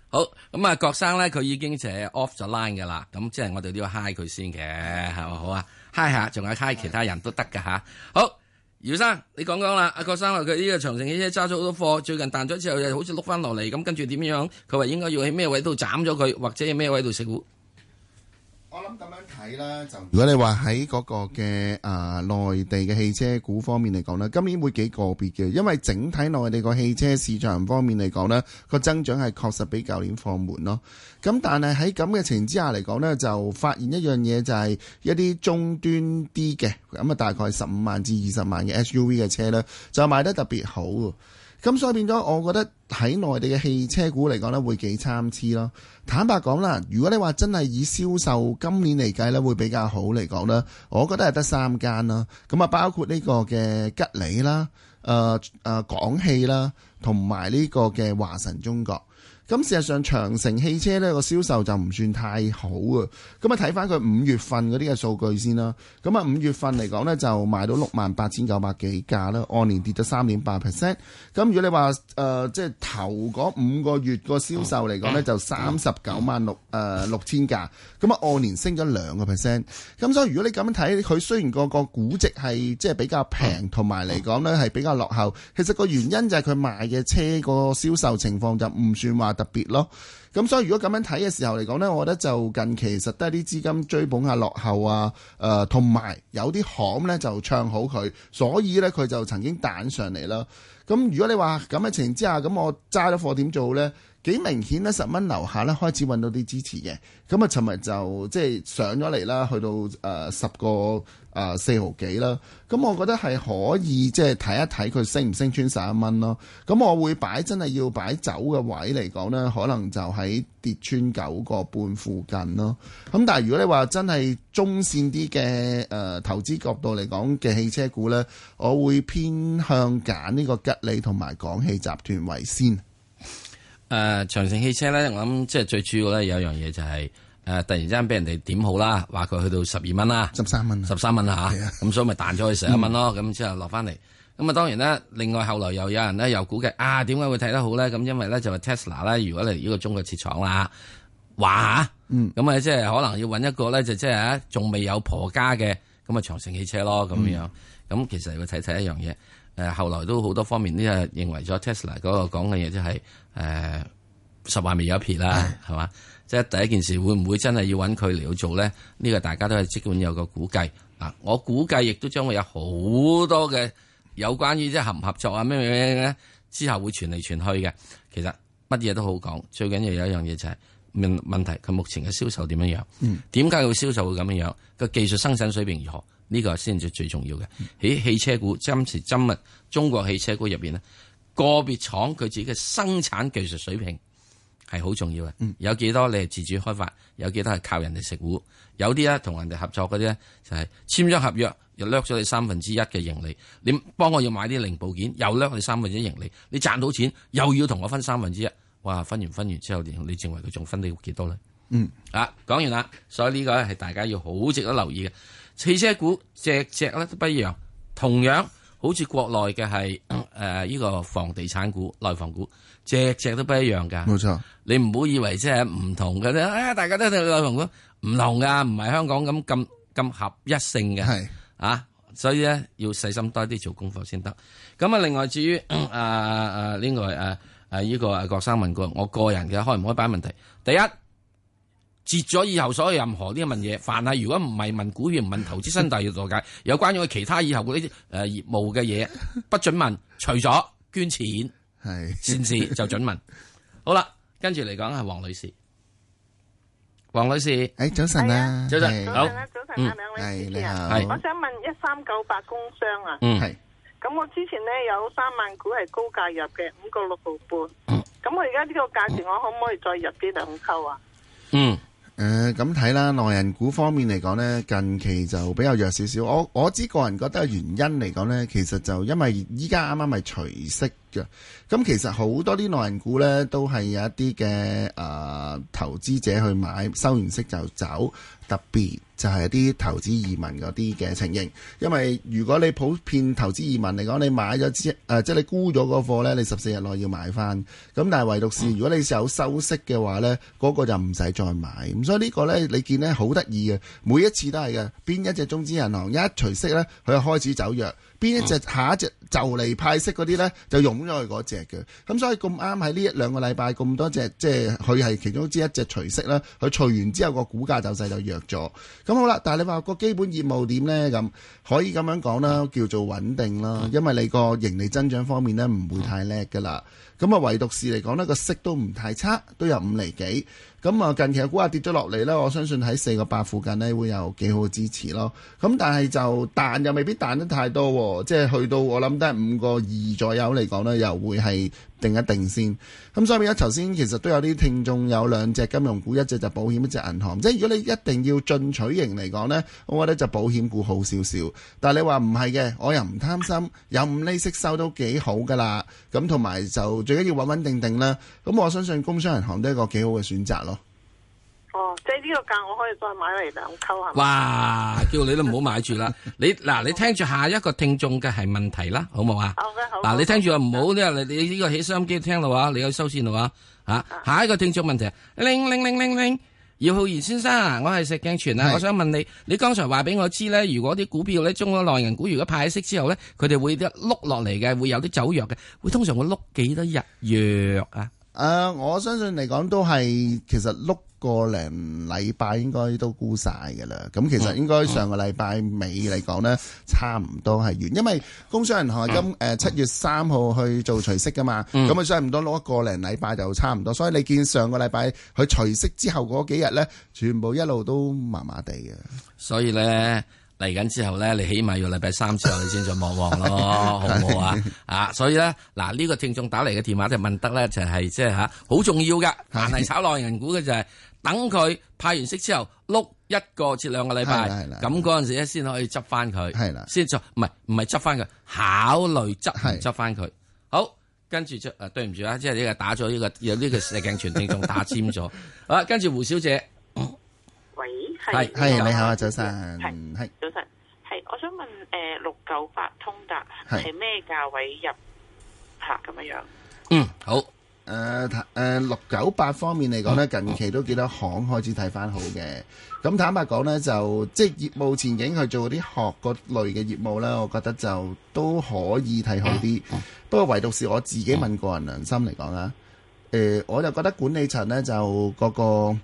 好，咁啊郭生咧佢已經就係 off 咗 line 噶啦，咁即係我哋都要嗨佢先嘅，係咪好啊？嗨下仲有嗨其他人都得噶吓，好，姚生你講講啦，阿郭生話佢呢個長城汽車揸咗好多貨，最近彈咗之後又好似碌翻落嚟，咁跟住點樣？佢話應該要喺咩位度斬咗佢，或者喺咩位度食我諗咁樣睇啦。就，如果你話喺嗰個嘅誒內地嘅汽車股方面嚟講咧，今年會幾個別嘅，因為整體內地個汽車市場方面嚟講咧，個增長係確實比舊年放緩咯。咁但係喺咁嘅情形之下嚟講呢，就發現一樣嘢，就係一啲中端啲嘅，咁啊大概十五萬至二十萬嘅 SUV 嘅車呢，就賣得特別好。咁所以變咗，我覺得喺內地嘅汽車股嚟講咧，會幾參差咯。坦白講啦，如果你話真係以銷售今年嚟計咧，會比較好嚟講咧，我覺得係得三間啦。咁啊，包括呢個嘅吉利啦，誒、呃、誒，廣汽啦，同埋呢個嘅華晨中國。咁事實上，長城汽車呢個銷售就唔算太好啊！咁啊，睇翻佢五月份嗰啲嘅數據先啦。咁啊五月份嚟講呢，就賣到六萬八千九百幾架啦，按年跌咗三點八 percent。咁如果你話誒、呃、即係頭嗰五個月個銷售嚟講呢，就三十九萬六誒六千架，咁啊按年升咗兩個 percent。咁所以如果你咁樣睇，佢雖然、個個估值係即係比較平，同埋嚟講呢係比較落後，其實個原因就係佢賣嘅車個銷售情況就唔算話特別咯，咁所以如果咁樣睇嘅時候嚟講呢，我覺得就近期實得啲資金追捧下落後啊，誒、同埋有啲行咧就唱好佢，所以呢，佢就曾經彈上嚟啦。咁如果你話咁嘅情形之下，咁我揸咗貨點做呢？幾明顯呢，十蚊樓下呢開始揾到啲支持嘅，咁啊尋日就即係、就是、上咗嚟啦，去到誒、呃、十個。啊、呃，四毫幾啦，咁、嗯、我覺得係可以即係睇一睇佢升唔升穿十一蚊咯。咁、嗯、我會擺真係要擺走嘅位嚟講呢，可能就喺跌穿九個半附近咯。咁、嗯、但係如果你話真係中線啲嘅誒投資角度嚟講嘅汽車股呢，我會偏向揀呢個吉利同埋廣汽集團為先。誒、呃，長城汽車呢，我諗即係最主要呢，有樣嘢就係、是。誒，突然之間俾人哋點好啦，話佢去到十二蚊啦，十三蚊，十三蚊啦嚇。咁、啊、所以咪彈咗去十一蚊咯，咁、嗯、之後落翻嚟。咁啊，當然啦。另外後來又有人咧又估計，啊點解會睇得好咧？咁因為咧就話、是、Tesla 咧，如果嚟呢個中國設廠啦，話嚇，咁啊、嗯、即係可能要揾一個咧就即係仲未有婆家嘅咁啊，長城汽車咯咁樣。咁、嗯、其實會睇睇一樣嘢，誒後來都好多方面呢，認為咗 Tesla 嗰個講嘅、就、嘢、是、即係誒。呃十萬未有一撇啦，係嘛唉？即係第一件事，會唔會真係要揾佢嚟，去做咧？呢、這個大家都係即管有個估計啊。我估計亦都將會有好多嘅有關於即係合唔合作啊，咩咩咩嘅之後會傳嚟傳去嘅。其實乜嘢都好講，最緊要有一樣嘢就係問問題佢目前嘅銷售點樣樣？點解佢銷售會咁樣樣？個技術生產水平如何？呢、這個先至最重要嘅喺、嗯、汽車股今時今日中國汽車股入邊咧，個別廠佢自己嘅生產技術水平。係好重要嘅，嗯、有幾多你係自主開發，有幾多係靠人哋食股，有啲咧同人哋合作嗰啲咧就係簽咗合約，又掠咗你三分之一嘅盈利，你幫我要買啲零部件，又掠你三分之一盈利，你賺到錢又要同我分三分之一，哇！分完分完之後，你認為佢仲分你幾多咧？嗯，啊，講完啦，所以呢個咧係大家要好值得留意嘅，汽車股隻隻咧都不一樣，同樣好似國內嘅係誒呢個房地產股，內房股。只只都不一樣㗎，冇錯。你唔好以為即係唔同嘅啫，啊，大家都同唔同㗎，唔係香港咁咁咁合一性嘅，係是啊，所以咧要細心多啲做功課先得。咁啊，另外至於啊啊呢、這個啊啊依、這個啊郭生問過我個人嘅開唔開擺問題，第一截咗以後所有任何呢問嘢，凡係如果唔係問股票、問投資新大嘅度解， [laughs] 有關咗其他以後嗰啲誒業務嘅嘢，不准問，除咗捐錢。係先至就准問好啦。跟住嚟講係黃女士，黃女士，誒，早晨啊，早晨，好，早晨，啱啱兩位主持人，係我想問一三九八工商啊，嗯，係咁。我之前咧有三萬股係高價入嘅，五個六毫半。咁我而家呢個價錢，我可唔可以再入啲兩溝？啊，嗯，誒，咁睇啦。內人股方面嚟講咧，近期就比較弱少少。我我之個人覺得原因嚟講咧，其實就因為依家啱啱係除息。咁其實好多啲內銀股呢，都係有一啲嘅誒投資者去買，收完息就走，特別就係啲投資移民嗰啲嘅情形。因為如果你普遍投資移民嚟講，你買咗支、呃、即係你沽咗個貨呢，你十四日內要買翻。咁但係唯獨是如果你有收息嘅話呢，嗰、嗰個就唔使再買。咁所以呢個呢，你見呢好得意嘅，每一次都係嘅。邊一隻中資銀行一除息呢，佢就開始走弱。邊一隻，下一隻就嚟派息嗰啲呢，就湧咗去嗰隻嘅。咁所以咁啱喺呢一兩個禮拜咁多隻，即係佢係其中之一隻除息啦。佢除完之後個股價走勢就弱咗。咁好啦，但係你話個基本業務點呢？咁，可以咁樣講啦，叫做穩定啦。因為你個盈利增長方面呢，唔會太叻㗎啦。咁啊，唯獨是嚟講呢個息都唔太差，都有五厘幾。咁啊，近期嘅股價跌咗落嚟咧，我相信喺四個八附近咧會有幾好支持咯。咁但係就彈又未必彈得太多，即係去到我諗得五個二左右嚟講咧，又會係。定一定先，咁所以而家頭先其實都有啲聽眾有兩隻金融股，一隻就保險，一隻銀行。即係如果你一定要進取型嚟講呢，我覺得就保險股好少少。但係你話唔係嘅，我又唔貪心，有五厘息收都幾好㗎啦。咁同埋就最緊要穩穩定定啦。咁我相信工商銀行都係一個幾好嘅選擇咯。哦，即係呢個價我可以再買嚟兩溝吓。哇，叫你都唔好買住 [laughs] 啦。你嗱，你聽住下一個聽眾嘅係問題啦，好唔好啊？Okay, 好嗱，你聽住啊，唔好你你呢個起收音機聽啦哇，你有收線啦哇吓。啊啊、下一個聽眾問題，鈴鈴鈴鈴鈴，姚浩然先生，我係石鏡泉啊，是我想問你，你剛才話俾我知咧，如果啲股票咧，中咗內銀股如果派息之後咧，佢哋會碌落嚟嘅，會有啲走弱嘅，會通常會碌幾多日弱啊？誒，我相信嚟講都係其實碌。個零禮拜應該都估晒嘅啦，咁其實應該上個禮拜尾嚟講咧，差唔多係完，因為工商銀行係今誒七月三號去做除息噶嘛，咁啊差唔多攞一個零禮拜就差唔多，所以你見上個禮拜佢除息之後嗰幾日咧，全部一路都麻麻地嘅。所以咧嚟緊之後咧，你起碼要禮拜三之後你先再望望咯，好唔好啊？啊，所以咧嗱呢個聽眾打嚟嘅電話就問得咧就係即係吓好重要噶，硬係炒內銀股嘅就係。等佢派完息之後，碌一個至兩個禮拜，咁嗰陣時咧先可以執翻佢，先再唔係唔係執翻佢，考慮執執翻佢。好，跟住就誒對唔住啊，即係你又打咗呢個有呢個石鏡傳遞仲打尖咗。好啦，跟住胡小姐，喂，係係你好啊，早晨，係係早晨，係我想問誒六九八通達係咩價位入？嚇咁樣樣，嗯好。誒，誒、呃呃，六九八方面嚟講咧，近期都幾多行開始睇翻好嘅。咁、嗯、坦白講咧，就即係業務前景去做啲學嗰類嘅業務呢，我覺得就都可以睇好啲。嗯嗯、不過唯獨是我自己問個人良心嚟講啊，誒、呃，我就覺得管理層呢，就、嗰個個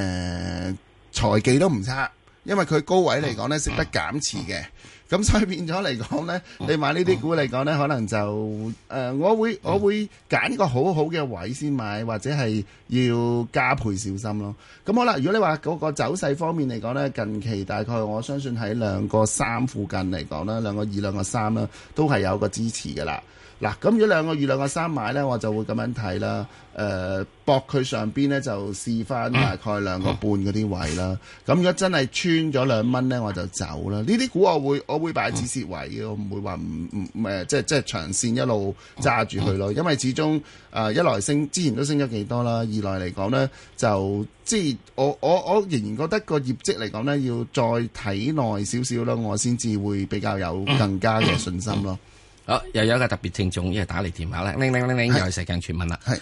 誒財技都唔差，因為佢高位嚟講呢識得減持嘅。咁所以變咗嚟講呢，你買呢啲股嚟講呢，可能就誒、呃，我會我會揀個好好嘅位先買，或者係要加倍小心咯。咁好啦，如果你話嗰個走勢方面嚟講呢，近期大概我相信喺兩個三附近嚟講啦，兩個二兩個三啦，都係有個支持㗎啦。嗱，咁如果兩個二兩個三買呢，我就會咁樣睇啦。誒、呃，博佢上邊呢，就試翻大概兩個半嗰啲位啦。咁、嗯嗯、如果真係穿咗兩蚊呢，我就走啦。呢啲股我會我會擺止蝕位嘅，我唔會話唔唔誒，即係即係長線一路揸住佢咯。因為始終誒、呃、一來升之前都升咗幾多啦，二來嚟講呢，就即係我我我仍然覺得個業績嚟講呢，要再睇耐少少啦，我先至會比較有更加嘅信心咯。嗯嗯嗯嗯。好，又有個特別聽眾，又係打嚟電話啦。鈴鈴鈴鈴，又係時間詢問啦。係，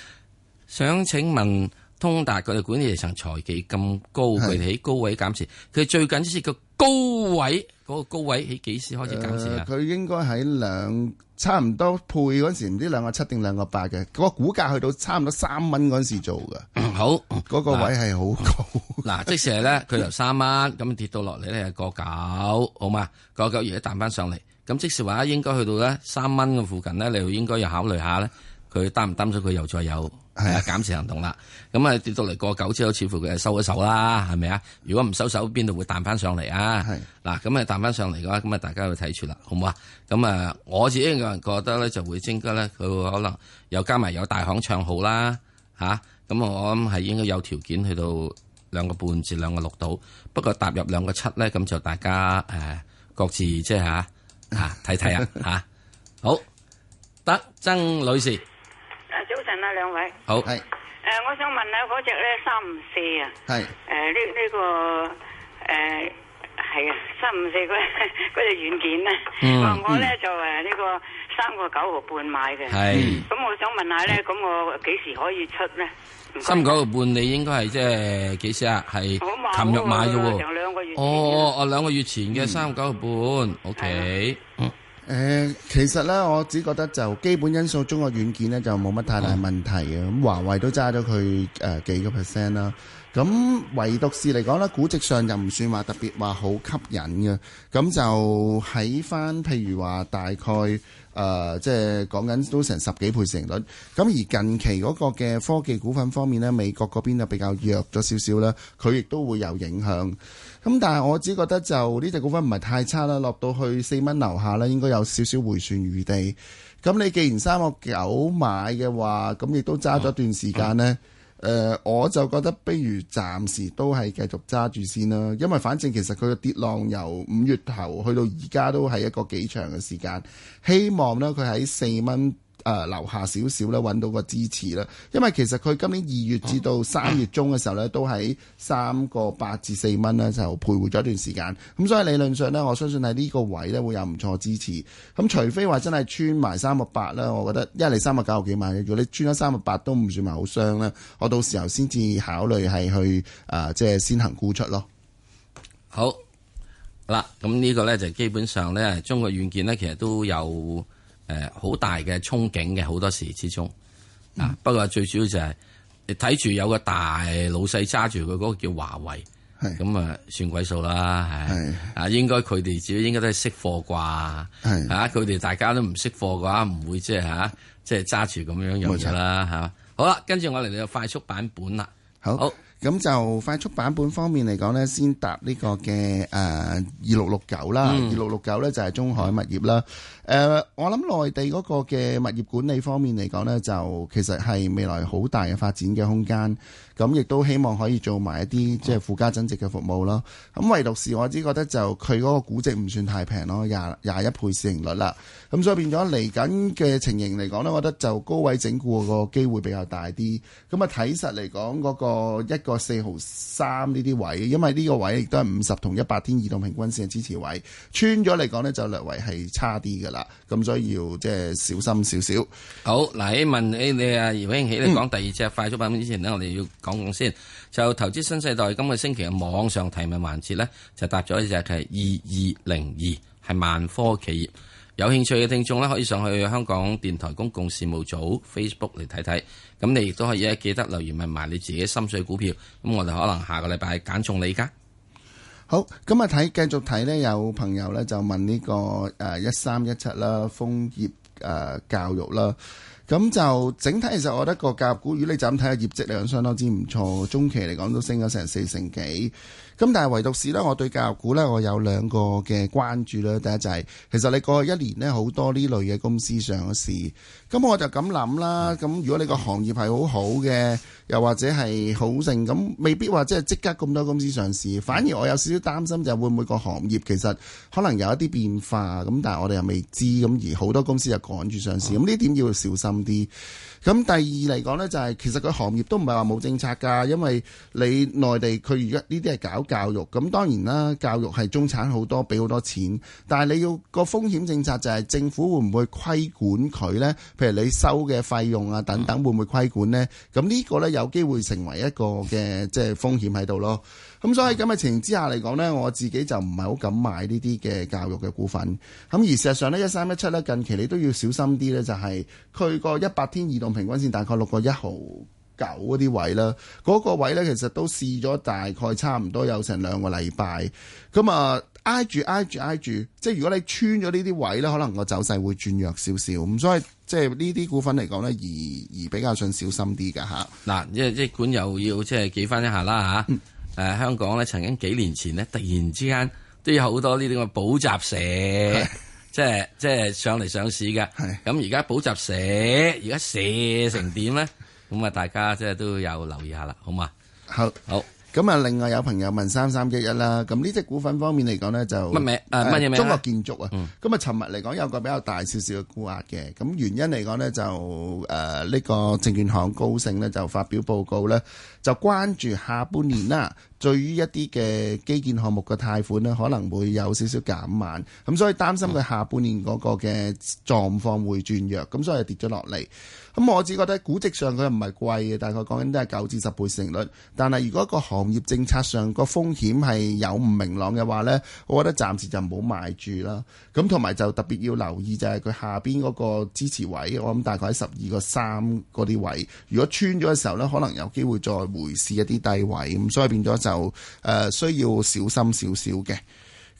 想請問通達佢哋管理層財技咁高，佢哋喺高位減持。佢最近先至個高位，嗰個高位喺幾時開始減持啊？佢應該喺兩差唔多倍嗰時，唔知兩個七定兩個八嘅。嗰個股價去到差唔多三蚊嗰時做噶。好，嗰個位係好高。嗱，即是咧，佢由三蚊咁跌到落嚟咧，係個九，好嘛？個九而家彈翻上嚟。咁即係話，應該去到咧三蚊嘅附近咧，你應該要考慮下咧，佢擔唔擔心佢又再有減持行動啦？咁啊跌到嚟過九之後，似乎佢係收咗手啦，係咪啊？如果唔收手，邊度會彈翻上嚟啊？嗱， [laughs] 咁啊彈翻上嚟嘅話，咁啊大家要睇住啦，好唔好啊？咁啊，我自己個人覺得咧，就會增加咧，佢會可能又加埋有大行唱好啦嚇。咁、啊、我諗係應該有條件去到兩個半至兩個六度。不過踏入兩個七咧，咁就大家誒、呃、各自即係嚇。就是吓睇睇啊吓，好得。曾女士。誒，早晨啊，兩位。好係。誒，我想問下嗰隻咧三五四啊。係。誒，呢呢個誒係啊，三五四嗰嗰隻軟件咧，我我咧就誒呢個三個九毫半買嘅。係。咁我想問下咧，咁我幾時可以出咧？三九個半，你應該係即係幾時啊？係琴日買嘅喎，哦，哦，兩個月前嘅三九個半，嗯，OK，誒、哦、呃，其實咧，我只覺得就基本因素中國軟件咧，就冇乜太大問題嘅。咁、哦、華為都揸咗佢誒幾個 percent 啦。咁唯獨是嚟講咧，估值上就唔算話特別話好吸引嘅。咁就喺翻譬如話大概。誒、呃，即係講緊都成十幾倍市盈率，咁而近期嗰個嘅科技股份方面咧，美國嗰邊就比較弱咗少少啦，佢亦都會有影響。咁但係我只覺得就呢隻股份唔係太差啦，落到去四蚊樓下咧，應該有少少回旋餘地。咁你既然三個九買嘅話，咁亦都揸咗段時間呢。嗯嗯誒、呃，我就覺得，不如暫時都係繼續揸住先啦，因為反正其實佢嘅跌浪由五月頭去到而家都係一個幾長嘅時間，希望呢，佢喺四蚊。誒樓、呃、下少少咧，揾到個支持啦。因為其實佢今年二月至到三月中嘅時候咧，啊、都喺三個八至四蚊咧就徘徊咗一段時間。咁所以理論上呢，我相信喺呢個位咧會有唔錯支持。咁除非話真係穿埋三個八啦，我覺得一嚟三個九毫幾買，如果你穿咗三個八都唔算埋好傷咧，我到時候先至考慮係去誒，即、呃、係、就是、先行沽出咯。好，好啦，咁呢個咧就基本上咧，中國軟件咧其實都有。誒，好大嘅憧憬嘅，好多時之中，嗱、啊，不過最主要就係，你睇住有個大老細揸住佢嗰個叫華為，咁啊，算鬼數啦，係是、啊，啊，應該佢哋自己應該都係識貨啩，係錯，啊，佢哋大家都唔識貨嘅話，唔會即係吓，即係揸住咁樣樣，冇錯啦，吓，好啦，跟住我嚟到快速版本啦，好，咁好就快速版本方面嚟講咧，先達呢個嘅誒二六六九啦，二六六九咧就係中海物業啦。誒、呃，我諗內地嗰個嘅物業管理方面嚟講呢，就其實係未來好大嘅發展嘅空間。咁亦都希望可以做埋一啲即係附加增值嘅服務咯。咁唯獨是我只覺得就佢嗰個估值唔算太平咯，廿廿一倍市盈率啦。咁所以變咗嚟緊嘅情形嚟講呢，我覺得就高位整固個機會比較大啲。咁啊，睇實嚟講嗰個一個四毫三呢啲位，因為呢個位亦都係五十同一百天移動平均線嘅支持位，穿咗嚟講呢就略為係差啲嘅。嗱，咁所以要即係小心少少。好，嗱，喺問起你啊葉興喜你講第二隻快速板塊之前呢，嗯、我哋要講講先。就投資新世代今個星期嘅網上提問環節呢，就答咗一隻係二二零二，係萬科企業。有興趣嘅聽眾呢，可以上去香港電台公共事務組 Facebook 嚟睇睇。咁你亦都可以記得留言問埋你自己心水股票。咁我哋可能下個禮拜揀中你噶。好，咁啊睇，繼續睇呢，有朋友咧就問呢個誒一三一七啦，楓葉誒教育啦，咁就整體其實我覺得個教育股，如果你就咁睇下業績嚟講，相當之唔錯，中期嚟講都升咗成四成幾。咁但係唯獨是咧，我對教育股咧，我有兩個嘅關注咧。第一就係、是、其實你過去一年咧，好多呢類嘅公司上市。咁我就咁諗啦。咁、嗯、如果你個行業係好好嘅，又或者係好盛，咁未必話即係即刻咁多公司上市。反而我有少少擔心，就會唔會個行業其實可能有一啲變化。咁但係我哋又未知。咁而好多公司就趕住上市。咁呢、嗯、點要小心啲。咁第二嚟講呢，就係其實個行業都唔係話冇政策㗎，因為你內地佢而家呢啲係搞教育，咁當然啦，教育係中產好多俾好多錢，但係你要個風險政策就係政府會唔會規管佢呢？譬如你收嘅費用啊等等，會唔會規管呢？咁呢個呢，有機會成為一個嘅即係風險喺度咯。咁所以喺咁嘅情形之下嚟講呢，我自己就唔係好敢買呢啲嘅教育嘅股份。咁而事實上呢，一三一七咧，近期你都要小心啲呢，就係佢個一百天移動平均線，大概六個一毫九嗰啲位啦。嗰、嗰個位呢，其實都試咗大概差唔多有成兩個禮拜。咁啊挨住挨住挨住，挨住，即係如果你穿咗呢啲位呢，可能個走勢會轉弱少少。咁所以即係呢啲股份嚟講呢，而而比較想小心啲噶吓。嗱、嗯，即係即管又要即係記翻一下啦吓。誒、呃，香港咧，曾經幾年前咧，突然之間都有好多呢啲咁嘅補習社，即係即係上嚟上市噶咁而家補習社而家寫成點咧？咁啊，大家即係都有留意下啦，好嘛？ [laughs] 好，好。.咁啊！另外有朋友問三三一一啦，咁呢隻股份方面嚟講咧就乜名啊，乜嘢中國建築啊。咁啊麼，尋日嚟講有個比較大少少嘅沽壓嘅，咁原因嚟講咧就誒呢、呃這個證券行高盛咧就發表報告咧，就關注下半年啦。 [laughs] 對於一啲嘅基建項目嘅貸款咧，可能會有少少減慢，咁所以擔心佢下半年嗰個嘅狀況會轉弱，咁所以係跌咗落嚟。咁我只覺得估值上佢唔係貴嘅，大概講緊都係九至十倍市盈率。但係如果個行業政策上個風險係有唔明朗嘅話呢，我覺得暫時就唔好賣住啦。咁同埋就特別要留意就係佢下邊嗰個支持位，我諗大概喺十二個三嗰啲位。如果穿咗嘅時候呢，可能有機會再回試一啲低位，咁所以變咗就。就誒，需要小心少少嘅。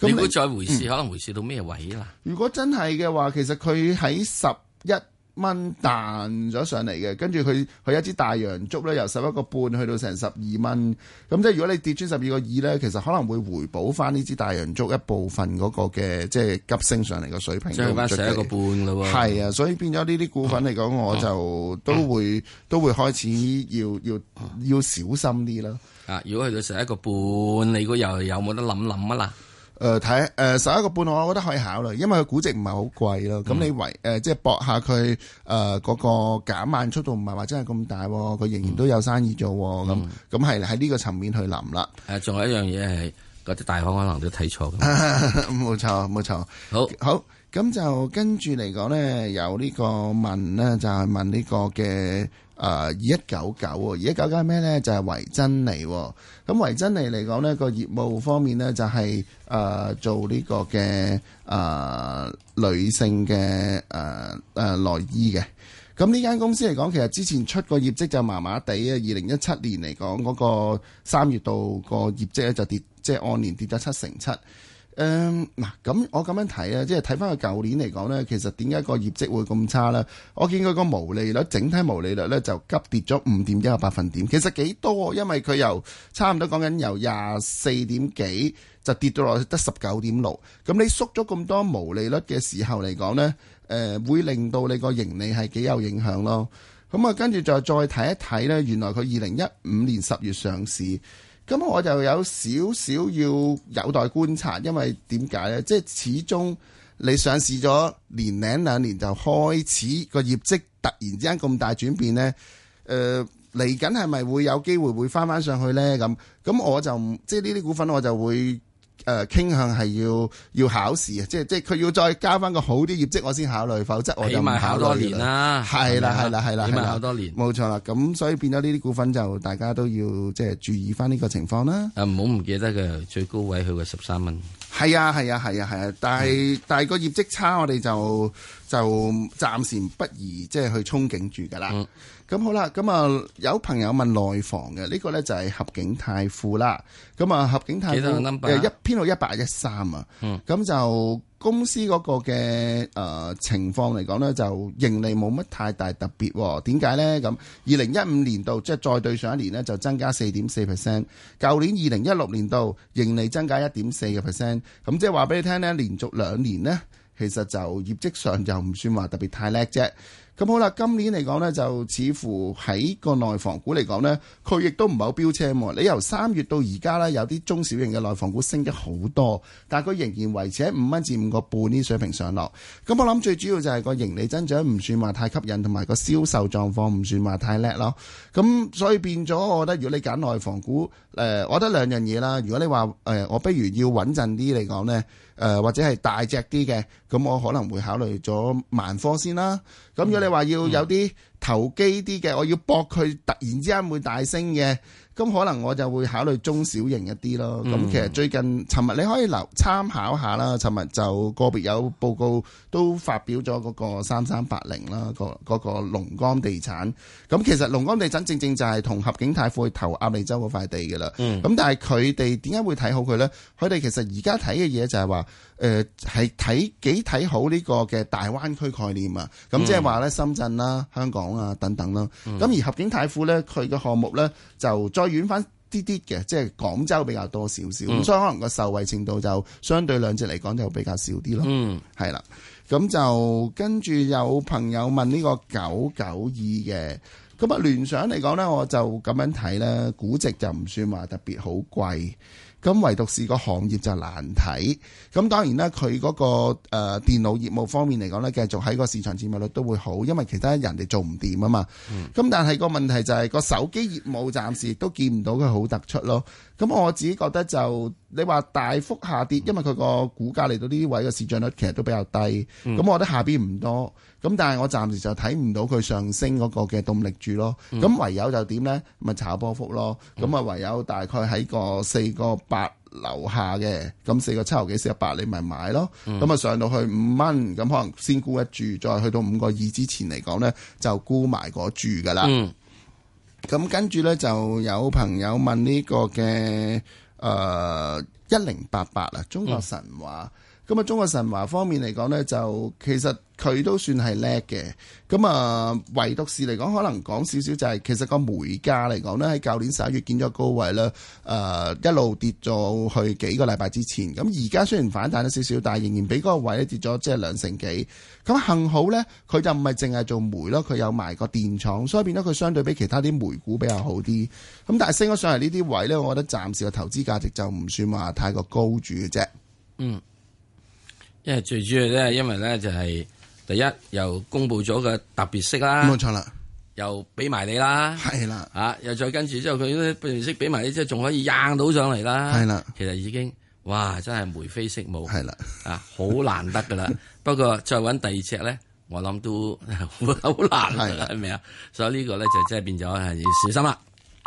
咁如果再回市，嗯、可能回市到咩位啦？如果真係嘅話，其實佢喺十一蚊彈咗上嚟嘅，跟住佢佢有一支大陽燭咧，由十一個半去到成十二蚊，咁即係如果你跌穿十二個二咧，其實可能會回補翻呢支大陽燭一部分嗰個嘅即係急升上嚟嘅水平。即係翻十一個半咯。係啊，所以變咗呢啲股份嚟講，嗯、我就都會、嗯、都會開始要要要，要小心啲啦。啊！如果去到十一個半，你嗰又有冇得諗諗啊啦？誒、呃，睇，誒、呃，十一個半，我我覺得可以考慮，因為佢估值唔係好貴咯。咁、嗯、你為誒、呃，即係搏下佢誒，嗰、呃那個減慢速度唔係話真係咁大，佢仍然都有生意做咁。咁係喺呢個層面去諗啦。誒、嗯，仲、呃、有一樣嘢，係嗰啲大行可能都睇錯。冇錯、啊，冇錯。錯，好，好。咁就跟住嚟講咧，有呢個問咧，就係、是、問個、呃、9, 呢個嘅誒，二一九九，二一九九係咩咧？就係、是、維珍妮。咁、哦、維珍妮嚟講呢個業務方面咧、就是，就係誒做呢個嘅誒、呃、女性嘅誒誒內衣嘅。咁呢間公司嚟講，其實之前出業績、那個、個業績就麻麻地啊。二零一七年嚟講，嗰個三月度個業績咧就跌，即、就、係、是、按年跌咗七成七。誒嗱，咁、嗯、我咁樣睇啊，即係睇翻佢舊年嚟講呢，其實點解個業績會咁差呢，我見佢個毛利率整體毛利率呢就急跌咗五點一個百分點，其實幾多？因為佢由差唔多講緊由廿四點幾就跌到落去得十九點六，咁你縮咗咁多毛利率嘅時候嚟講呢，誒、呃、會令到你個盈利係幾有影響咯。咁、嗯、啊，跟住就再睇一睇呢，原來佢二零一五年十月上市。咁我就有少少要有待觀察，因為點解咧？即係始終你上市咗年零兩年就開始個業績突然之間咁大轉變咧，誒，嚟緊係咪會有機會會翻翻上去咧？咁咁我就唔，即係呢啲股份我就會。誒，傾向係要要考試啊，即係即係佢要再交翻個好啲業績，我先考慮，否則我唔考多年啦。係啦係啦係啦，唔考多年，冇錯啦。咁所以變咗呢啲股份就大家都要即係注意翻呢個情況啦。誒，唔好唔記得嘅最高位佢嘅十三蚊。係啊係啊係啊係啊，但係但係個業績差，我哋就就暫時不宜即係去憧憬住噶啦。咁好啦，咁啊有朋友問內房嘅呢個咧就係合景泰富啦，咁啊合景泰富誒一篇到一八一三啊，咁就公司嗰個嘅誒情況嚟講咧就盈利冇乜太大特別，點解咧？咁二零一五年度即係再對上一年咧就增加四點四 percent，舊年二零一六年度盈利增加一點四嘅 percent，咁即係話俾你聽咧，連續兩年咧其實就業績上就唔算話特別太叻啫。咁好啦，今年嚟講呢，就似乎喺個內房股嚟講呢，佢亦都唔係好飆車喎。你由三月到而家呢，有啲中小型嘅內房股升得好多，但係佢仍然維持喺五蚊至五個半呢水平上落。咁我諗最主要就係個盈利增長唔算話太吸引，同埋個銷售狀況唔算話太叻咯。咁所以變咗，我覺得如果你揀內房股，誒、呃，我覺得兩樣嘢啦。如果你話誒、呃，我不如要穩陣啲嚟講呢。誒、呃、或者係大隻啲嘅，咁我可能會考慮咗萬科先啦。咁如果你話要有啲投機啲嘅，嗯嗯、我要搏佢突然之間會大升嘅。咁可能我就會考慮中小型一啲咯。咁、嗯、其實最近尋日你可以留參考下啦。尋日就個別有報告都發表咗嗰個三三八零啦，個嗰個龍江地產。咁其實龍江地產正正，正就係同合景泰富去投鴨脷洲嗰塊地嘅啦。咁、嗯、但係佢哋點解會睇好佢咧？佢哋其實而家睇嘅嘢就係話。誒係睇幾睇好呢個嘅大灣區概念啊！咁、嗯、即係話咧深圳啦、香港啊等等啦。咁、嗯、而合景泰富咧，佢嘅項目咧就再遠翻啲啲嘅，即係廣州比較多少少。咁、嗯、所以可能個受惠程度就相對兩隻嚟講就比較少啲咯。嗯，係啦。咁就跟住有朋友問呢個九九二嘅咁啊聯想嚟講咧，我就咁樣睇咧，估值就唔算話特別好貴。咁唯獨是個行業就難睇。咁當然啦，佢嗰個誒電腦業務方面嚟講咧，繼續喺個市場佔有率都會好，因為其他人哋做唔掂。啊嘛。咁、嗯、但係個問題就係個手機業務暫時都見唔到佢好突出咯。咁我自己覺得就你話大幅下跌，因為佢個股價嚟到呢啲位嘅市漲率其實都比較低，咁、嗯、我覺得下邊唔多。咁但係我暫時就睇唔到佢上升嗰個嘅動力柱咯，咁、嗯、唯有就點呢？咪炒波幅咯，咁啊、嗯、唯有大概喺個四個八樓下嘅，咁四個七毫幾四個八，你咪買咯。咁啊、嗯、上到去五蚊，咁可能先沽一注，再去到五個二之前嚟講呢，就沽埋嗰注噶啦。咁、嗯、跟住呢，就有朋友問呢個嘅誒一零八八啊，呃、88，中國神華。嗯。咁啊，中國神華方面嚟講咧，就其實佢都算係叻嘅。咁、呃、啊，唯獨是嚟講，可能講少少就係、是、其實個煤價嚟講咧，喺舊年十一月見咗高位咧，誒、呃、一路跌咗去幾個禮拜之前。咁而家雖然反彈咗少少，但係仍然俾嗰個位跌咗，即係兩成幾。咁幸好咧，佢就唔係淨係做煤咯，佢有埋個電廠，所以變咗佢相對比其他啲煤股比較好啲。咁但係升咗上嚟呢啲位咧，我覺得暫時嘅投資價值就唔算話太過高住嘅啫。嗯。因為最主要咧，因為咧就係、是、第一又公布咗個特別息啦，冇錯啦，又俾埋你啦，係啦的，啊又再跟住之後佢啲特別息俾埋你，之後仲可以硬到上嚟啦，係啦的，其實已經哇真係眉飛色舞，係啦的，啊好難得噶啦， [laughs] 不過再搵第二隻咧，我諗都好難，係咪啊？所以個呢個咧就真係變咗要小心啦。